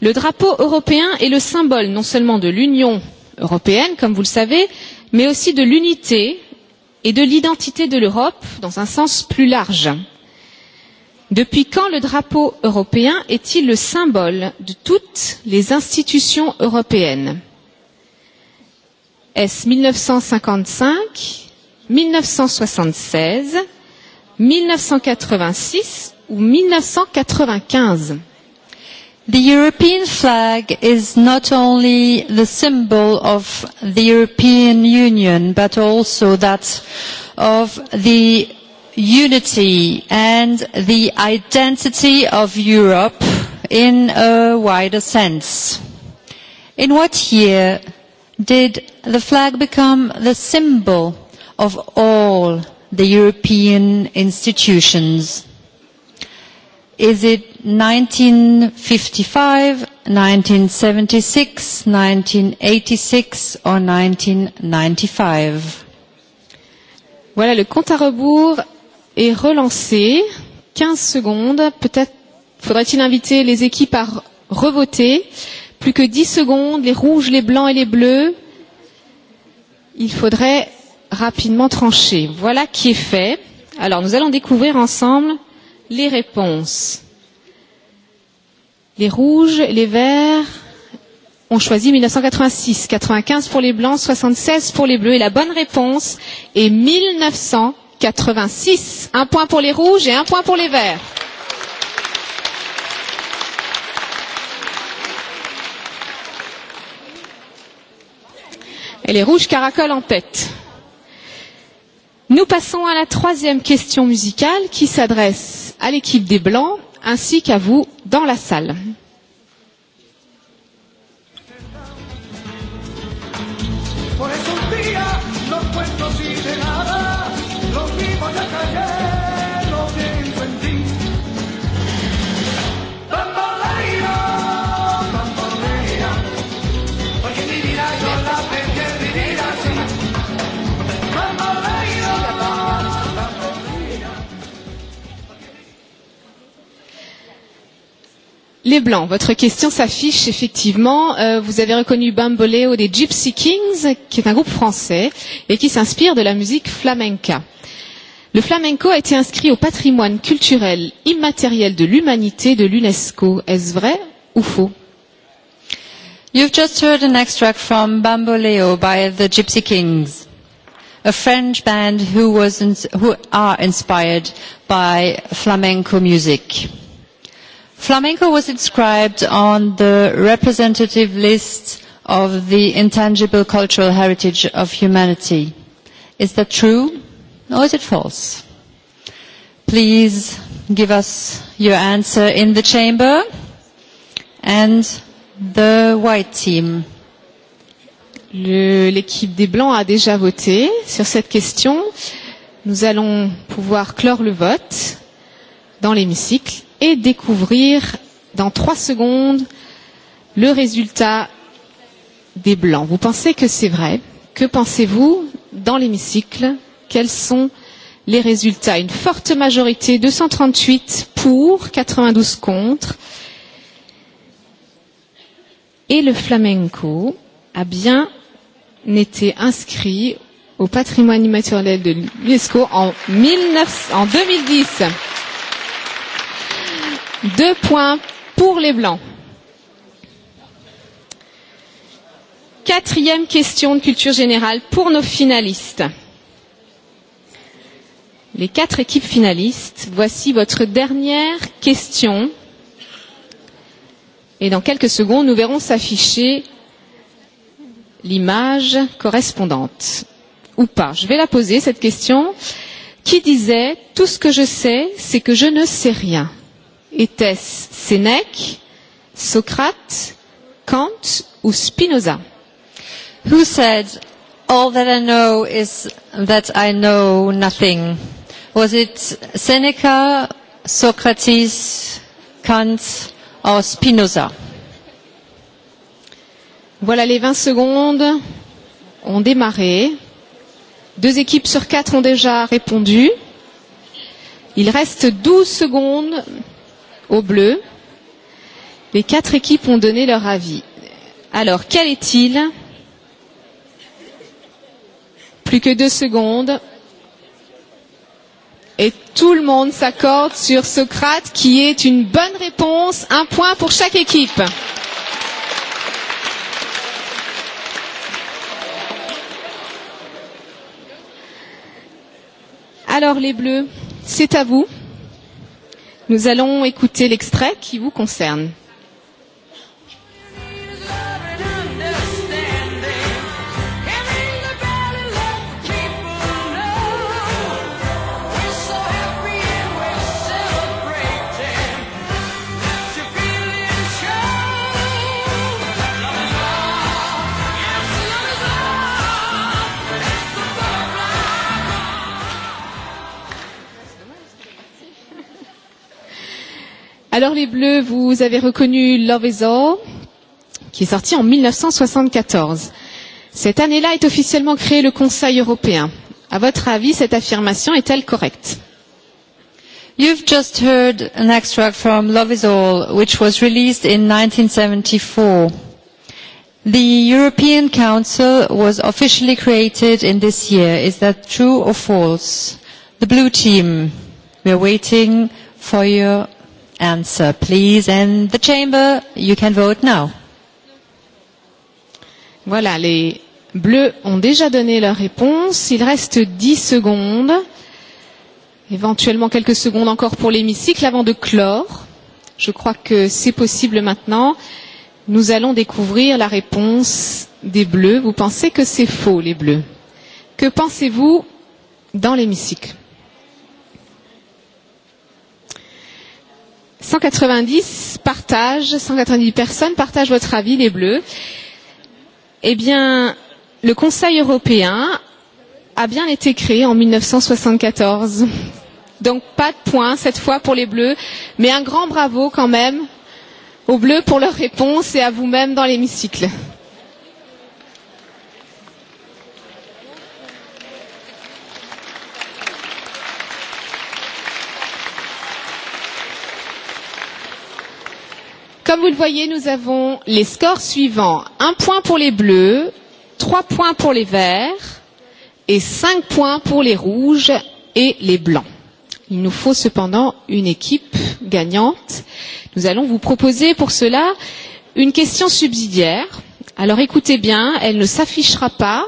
Le drapeau européen est le symbole non seulement de l'union européenne, comme vous le savez, mais aussi de l'unité et de l'identité de l'Europe dans un sens plus large. Depuis quand le drapeau européen est-il le symbole de toutes les institutions européennes Est-ce 1955, 1976, 1986 ou 1995 The European flag is not only the symbol of the European Union, but also that of the unity and the identity of Europe in a wider sense. In what year did the flag become the symbol of all the European institutions? Is it Voilà, le compte à rebours est relancé. 15 secondes. Peut-être faudrait-il inviter les équipes à revoter. Plus que 10 secondes, les rouges, les blancs et les bleus. Il faudrait rapidement trancher. Voilà qui est fait. Alors, nous allons découvrir ensemble les réponses. Les rouges, les verts ont choisi 1986, 95 pour les blancs, 76 pour les bleus. Et la bonne réponse est 1986. Un point pour les rouges et un point pour les verts. Et les rouges caracolent en tête. Nous passons à la troisième question musicale qui s'adresse à l'équipe des Blancs ainsi qu'à vous dans la salle. Por eso un día Les Blancs, votre question s'affiche effectivement. Euh, vous avez reconnu Bamboleo des Gypsy Kings, qui est un groupe français et qui s'inspire de la musique flamenca. Le flamenco a été inscrit au patrimoine culturel immatériel de l'humanité de l'UNESCO. Est-ce vrai ou faux You've just heard an extract from Bamboleo by the Gypsy Kings, a French band who, was in, who are inspired by flamenco music. Flamenco was inscribed on the representative list of the intangible cultural heritage of humanity. Is that true or is it false? Please give us your answer in the chamber. And the white team. L'équipe des Blancs a déjà voté sur cette question. Nous allons pouvoir clore le vote dans l'hémicycle et découvrir dans trois secondes le résultat des blancs. Vous pensez que c'est vrai Que pensez-vous dans l'hémicycle Quels sont les résultats Une forte majorité, 238 pour, 92 contre. Et le flamenco a bien été inscrit au patrimoine immatériel de l'UNESCO en, 19... en 2010. Deux points pour les Blancs. Quatrième question de culture générale pour nos finalistes. Les quatre équipes finalistes, voici votre dernière question. Et dans quelques secondes, nous verrons s'afficher l'image correspondante. Ou pas. Je vais la poser, cette question. Qui disait Tout ce que je sais, c'est que je ne sais rien Était-ce Sénèque, Socrate, Kant ou Spinoza? Who said, all that I know is that I know nothing? Was it Seneca, Socrates, Kant or Spinoza? Voilà les 20 secondes ont démarré. Deux équipes sur quatre ont déjà répondu. Il reste 12 secondes au bleu. Les quatre équipes ont donné leur avis. Alors, quel est-il Plus que deux secondes. Et tout le monde s'accorde sur Socrate, qui est une bonne réponse. Un point pour chaque équipe. Alors les bleus, c'est à vous. Nous allons écouter l'extrait qui vous concerne. Alors les Bleus, vous avez reconnu Love Is All, qui est sorti en 1974. Cette année-là est officiellement créé le Conseil européen. À votre avis, cette affirmation est-elle correcte You've just heard an extract from Love Is All, which was released in 1974. The European Council was officially created in this year. Is that true or false? The blue team, we're waiting for your answer, uh, please. And the chamber, you can vote now. Voilà, les bleus ont déjà donné leur réponse. Il reste 10 secondes, éventuellement quelques secondes encore pour l'hémicycle avant de clore. Je crois que c'est possible maintenant. Nous allons découvrir la réponse des bleus. Vous pensez que c'est faux, les bleus. Que pensez-vous dans l'hémicycle 190 partagent, 190 personnes partagent votre avis, les Bleus. Eh bien, le Conseil européen a bien été créé en 1974. Donc pas de points cette fois pour les Bleus, mais un grand bravo quand même aux Bleus pour leur réponse et à vous-même dans l'hémicycle. Comme vous le voyez, nous avons les scores suivants. Un point pour les bleus, trois points pour les verts et cinq points pour les rouges et les blancs. Il nous faut cependant une équipe gagnante. Nous allons vous proposer pour cela une question subsidiaire. Alors écoutez bien, elle ne s'affichera pas.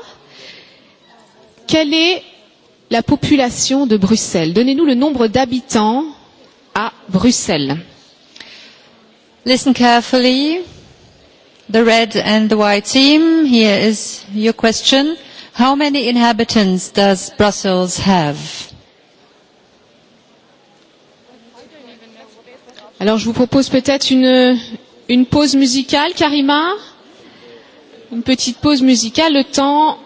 Quelle est la population de Bruxelles Donnez-nous le nombre d'habitants à Bruxelles. Listen carefully. The red and the white team, here is your question. How many inhabitants does Brussels have? Alors je vous propose peut-être une, une pause musicale, Karima. Une petite pause musicale, le temps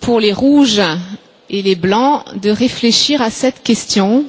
pour les rouges et les blancs de réfléchir à cette question.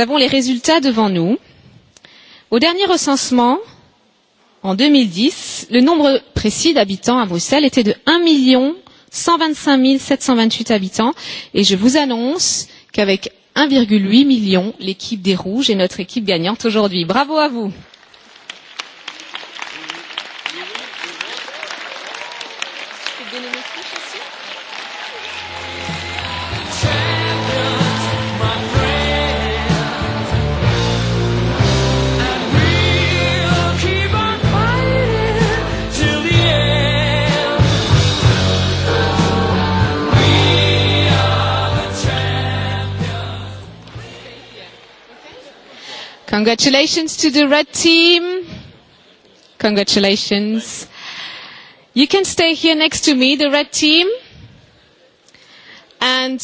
avons les résultats devant nous. Au dernier recensement, en 2010, le nombre précis d'habitants à Bruxelles était de 1 125 728 habitants et je vous annonce qu'avec 1,8 million, l'équipe des Rouges est notre équipe gagnante aujourd'hui. Bravo à vous. Congratulations to the red team. Congratulations. You can stay here next to me, the red team. And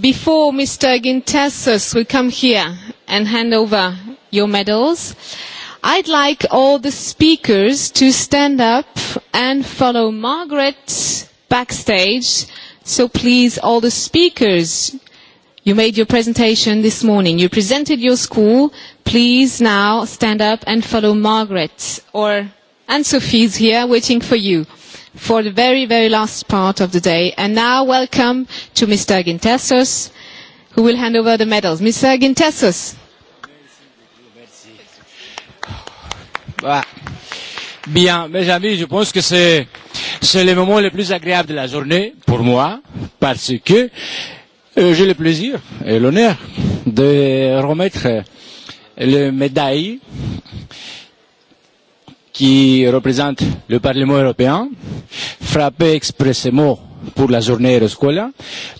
before Mr. Gintasos will come here and hand over your medals, I'd like all the speakers to stand up and follow Margaret backstage. So please, all the speakers, You made your presentation this morning. You presented your school. Please now stand up and follow Margaret or and sophies here waiting for you for the very, very last part of the day. And now welcome to Mr. Gintessos, who will hand over the medals. Mr. Gintessos. Bien, mes amis, je pense que c'est le moment le plus agréable de la journée pour moi parce que Euh, j'ai le plaisir et l'honneur de remettre le médaille qui représente le Parlement européen, frappé expressément pour la journée de scola.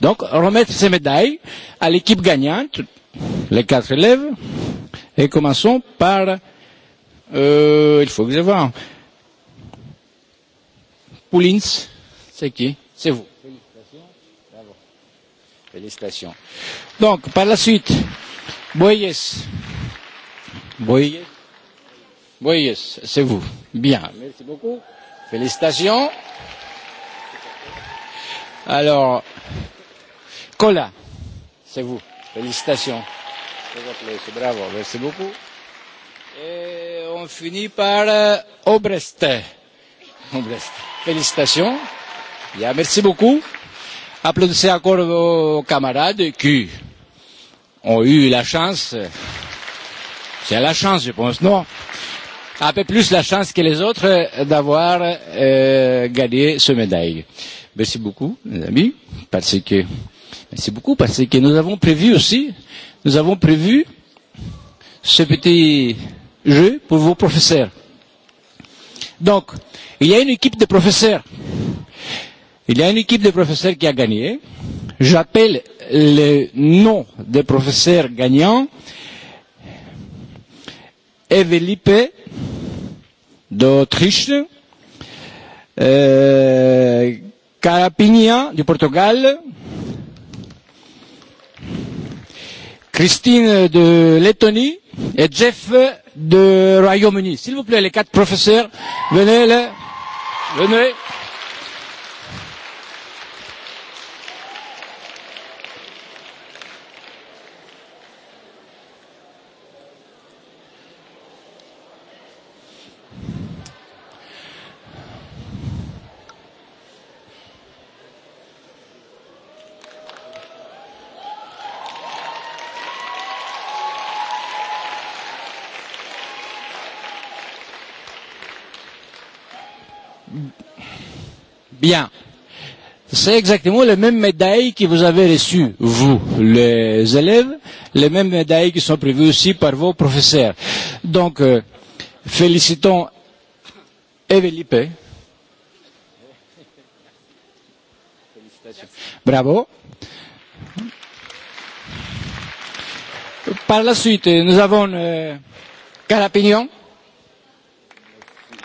Donc, remettre ces médailles à l'équipe gagnante, les quatre élèves, et commençons par, euh, il faut que je vois, Poulins, c'est qui C'est vous. Félicitations. Donc, par la suite, Boyes. Boyes. Boyes, c'est vous. Bien. Merci beaucoup. Félicitations. Alors, Cola, c'est vous. Félicitations. Bravo, merci beaucoup. Et on finit par Obreste. Euh, Obreste. Félicitations. Bien, merci beaucoup. Applaudissez encore vos camarades qui ont eu la chance, c'est la chance je pense, non Un peu plus la chance que les autres euh, d'avoir euh, gagné ce médaille. Merci beaucoup, mes amis, parce que merci beaucoup parce que nous avons prévu aussi, nous avons prévu ce petit jeu pour vos professeurs. Donc, il y a une équipe de professeurs Il y a une équipe de professeurs qui a gagné. J'appelle le nom des professeurs gagnants. Evelipe d'Autriche, euh, Carapinha du Portugal, Christine de Lettonie et Jeff de Royaume-Uni. S'il vous plaît, les quatre professeurs, venez, les, venez. Bien. C'est exactement les mêmes médailles que vous avez reçues, vous, les élèves, les mêmes médailles qui sont prévues aussi par vos professeurs. Donc, euh, félicitons Evelipe. Bravo. Par la suite, nous avons euh, Carapignon.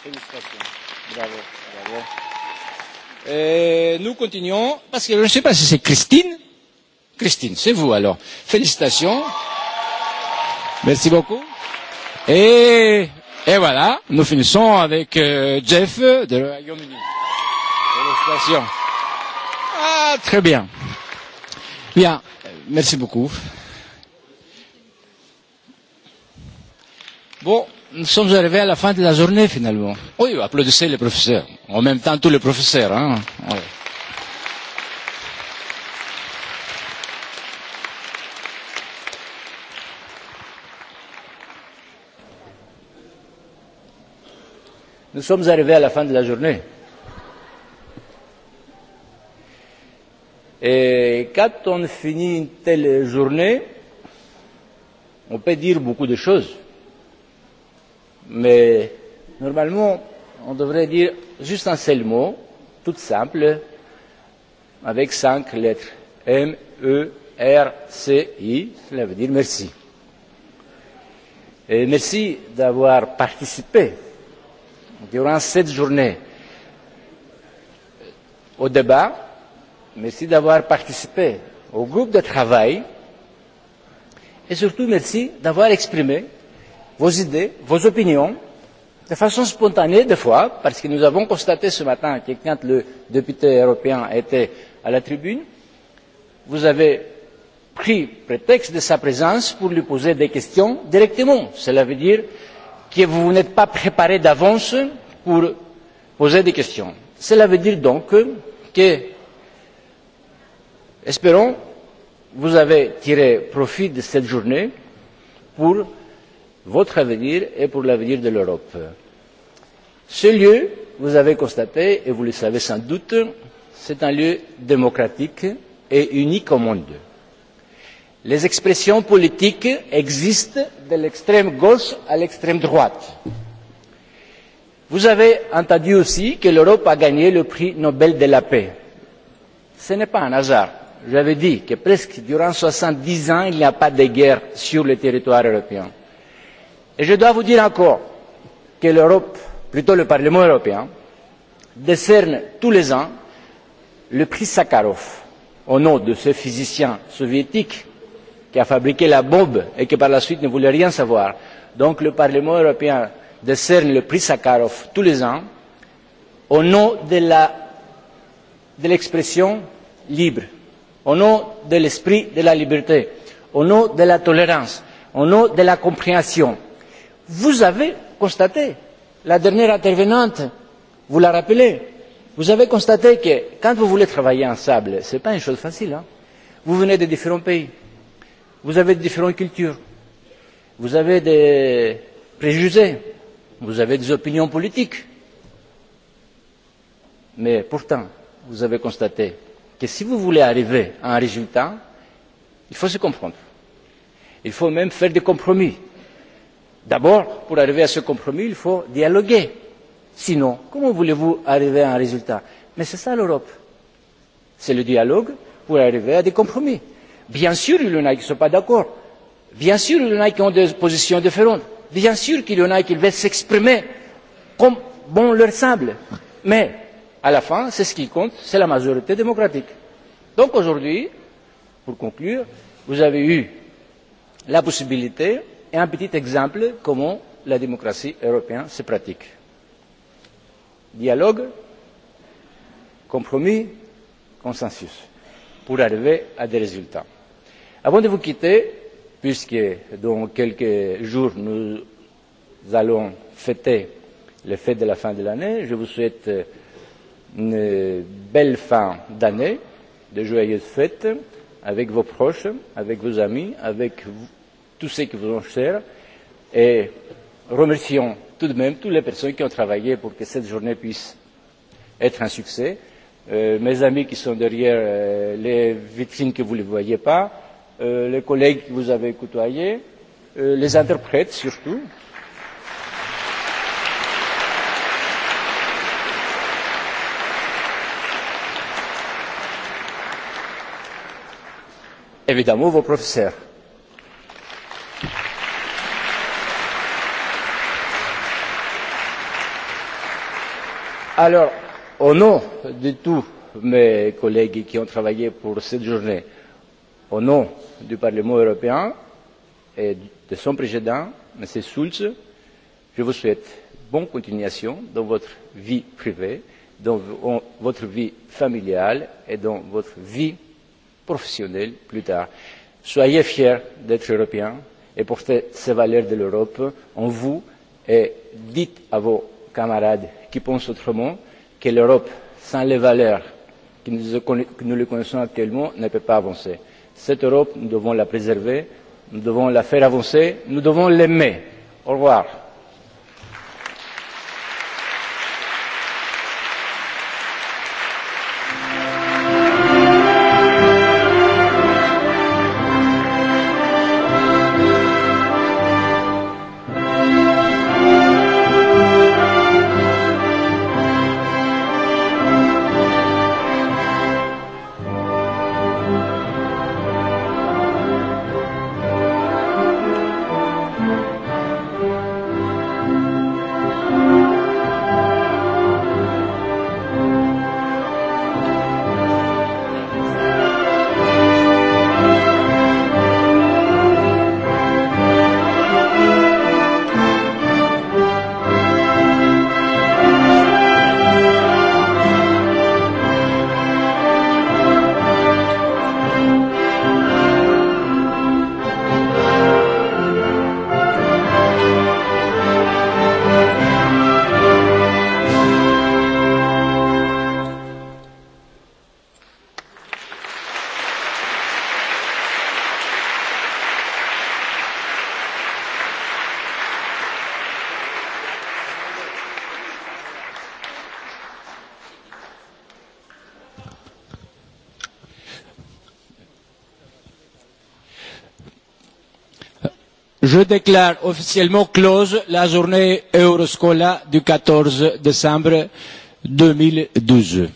Félicitations. Bravo. Euh, nous continuons, parce que je ne sais pas si c'est Christine. Christine, c'est vous alors. Félicitations. Merci beaucoup. Et, et voilà, nous finissons avec euh, Jeff de Royaume-Uni. Félicitations. Ah, très bien. Bien, merci beaucoup. Bon nous sommes arrivés à la fin de la journée finalement. Oui, applaudissez les professeurs. En même temps, tous les professeurs. Hein. Ouais. Nous sommes arrivés à la fin de la journée. Et quand on finit une telle journée, on peut dire beaucoup de choses. Mais normalement, on devrait dire juste un seul mot, tout simple, avec cinq lettres. M, E, R, C, I. Cela veut dire merci. Et merci d'avoir participé durant cette journée au débat. Merci d'avoir participé au groupe de travail. Et surtout, merci d'avoir exprimé vos idées, vos opinions, de façon spontanée des fois, parce que nous avons constaté ce matin que quand le député européen était à la tribune, vous avez pris prétexte de sa présence pour lui poser des questions directement. Cela veut dire que vous n'êtes pas préparé d'avance pour poser des questions. Cela veut dire donc que, espérons, vous avez tiré profit de cette journée pour votre avenir et pour l'avenir de l'Europe. Ce lieu, vous avez constaté, et vous le savez sans doute, c'est un lieu démocratique et unique au monde. Les expressions politiques existent de l'extrême gauche à l'extrême droite. Vous avez entendu aussi que l'Europe a gagné le prix Nobel de la paix. Ce n'est pas un hasard. J'avais dit que presque durant soixante dix ans, il n'y a pas de guerre sur le territoire européen je dois vous dire encore que l'europe plutôt le parlement européen décerne tous les ans le prix sakharov au nom de ce physicien soviétique qui a fabriqué la bombe et qui par la suite ne voulait rien savoir. donc le parlement européen décerne le prix sakharov tous les ans au nom de l'expression libre au nom de l'esprit de la liberté au nom de la tolérance au nom de la compréhension vous avez constaté, la dernière intervenante vous l'a rappelé, vous avez constaté que quand vous voulez travailler ensemble, ce n'est pas une chose facile. Hein. Vous venez de différents pays, vous avez de différentes cultures, vous avez des préjugés, vous avez des opinions politiques. Mais pourtant, vous avez constaté que si vous voulez arriver à un résultat, il faut se comprendre. Il faut même faire des compromis D'abord, pour arriver à ce compromis, il faut dialoguer. Sinon, comment voulez-vous arriver à un résultat Mais c'est ça l'Europe. C'est le dialogue pour arriver à des compromis. Bien sûr, il y en a qui ne sont pas d'accord. Bien sûr, il y en a qui ont des positions différentes. Bien sûr qu'il y en a qui veulent s'exprimer comme bon leur semble. Mais, à la fin, c'est ce qui compte, c'est la majorité démocratique. Donc aujourd'hui, pour conclure, vous avez eu la possibilité et un petit exemple de comment la démocratie européenne se pratique. Dialogue, compromis, consensus pour arriver à des résultats. Avant de vous quitter, puisque dans quelques jours nous allons fêter les fêtes de la fin de l'année, je vous souhaite une belle fin d'année, de joyeuses fêtes avec vos proches, avec vos amis, avec tous ceux qui vous ont cher et remercions tout de même toutes les personnes qui ont travaillé pour que cette journée puisse être un succès. Euh, mes amis qui sont derrière euh, les vitrines que vous ne voyez pas, euh, les collègues que vous avez côtoyés, euh, les interprètes surtout. Évidemment, vos professeurs. Alors, au nom de tous mes collègues qui ont travaillé pour cette journée, au nom du Parlement européen et de son président, M. Schulz, je vous souhaite bonne continuation dans votre vie privée, dans votre vie familiale et dans votre vie professionnelle plus tard. Soyez fiers d'être Européens et portez ces valeurs de l'Europe en vous et dites à vos camarades qui pensent autrement que l'Europe, sans les valeurs que nous que nous les connaissons actuellement, ne peut pas avancer. Cette Europe, nous devons la préserver, nous devons la faire avancer, nous devons l'aimer. Au revoir. Je déclare officiellement close la journée Euroscola du 14 décembre 2012.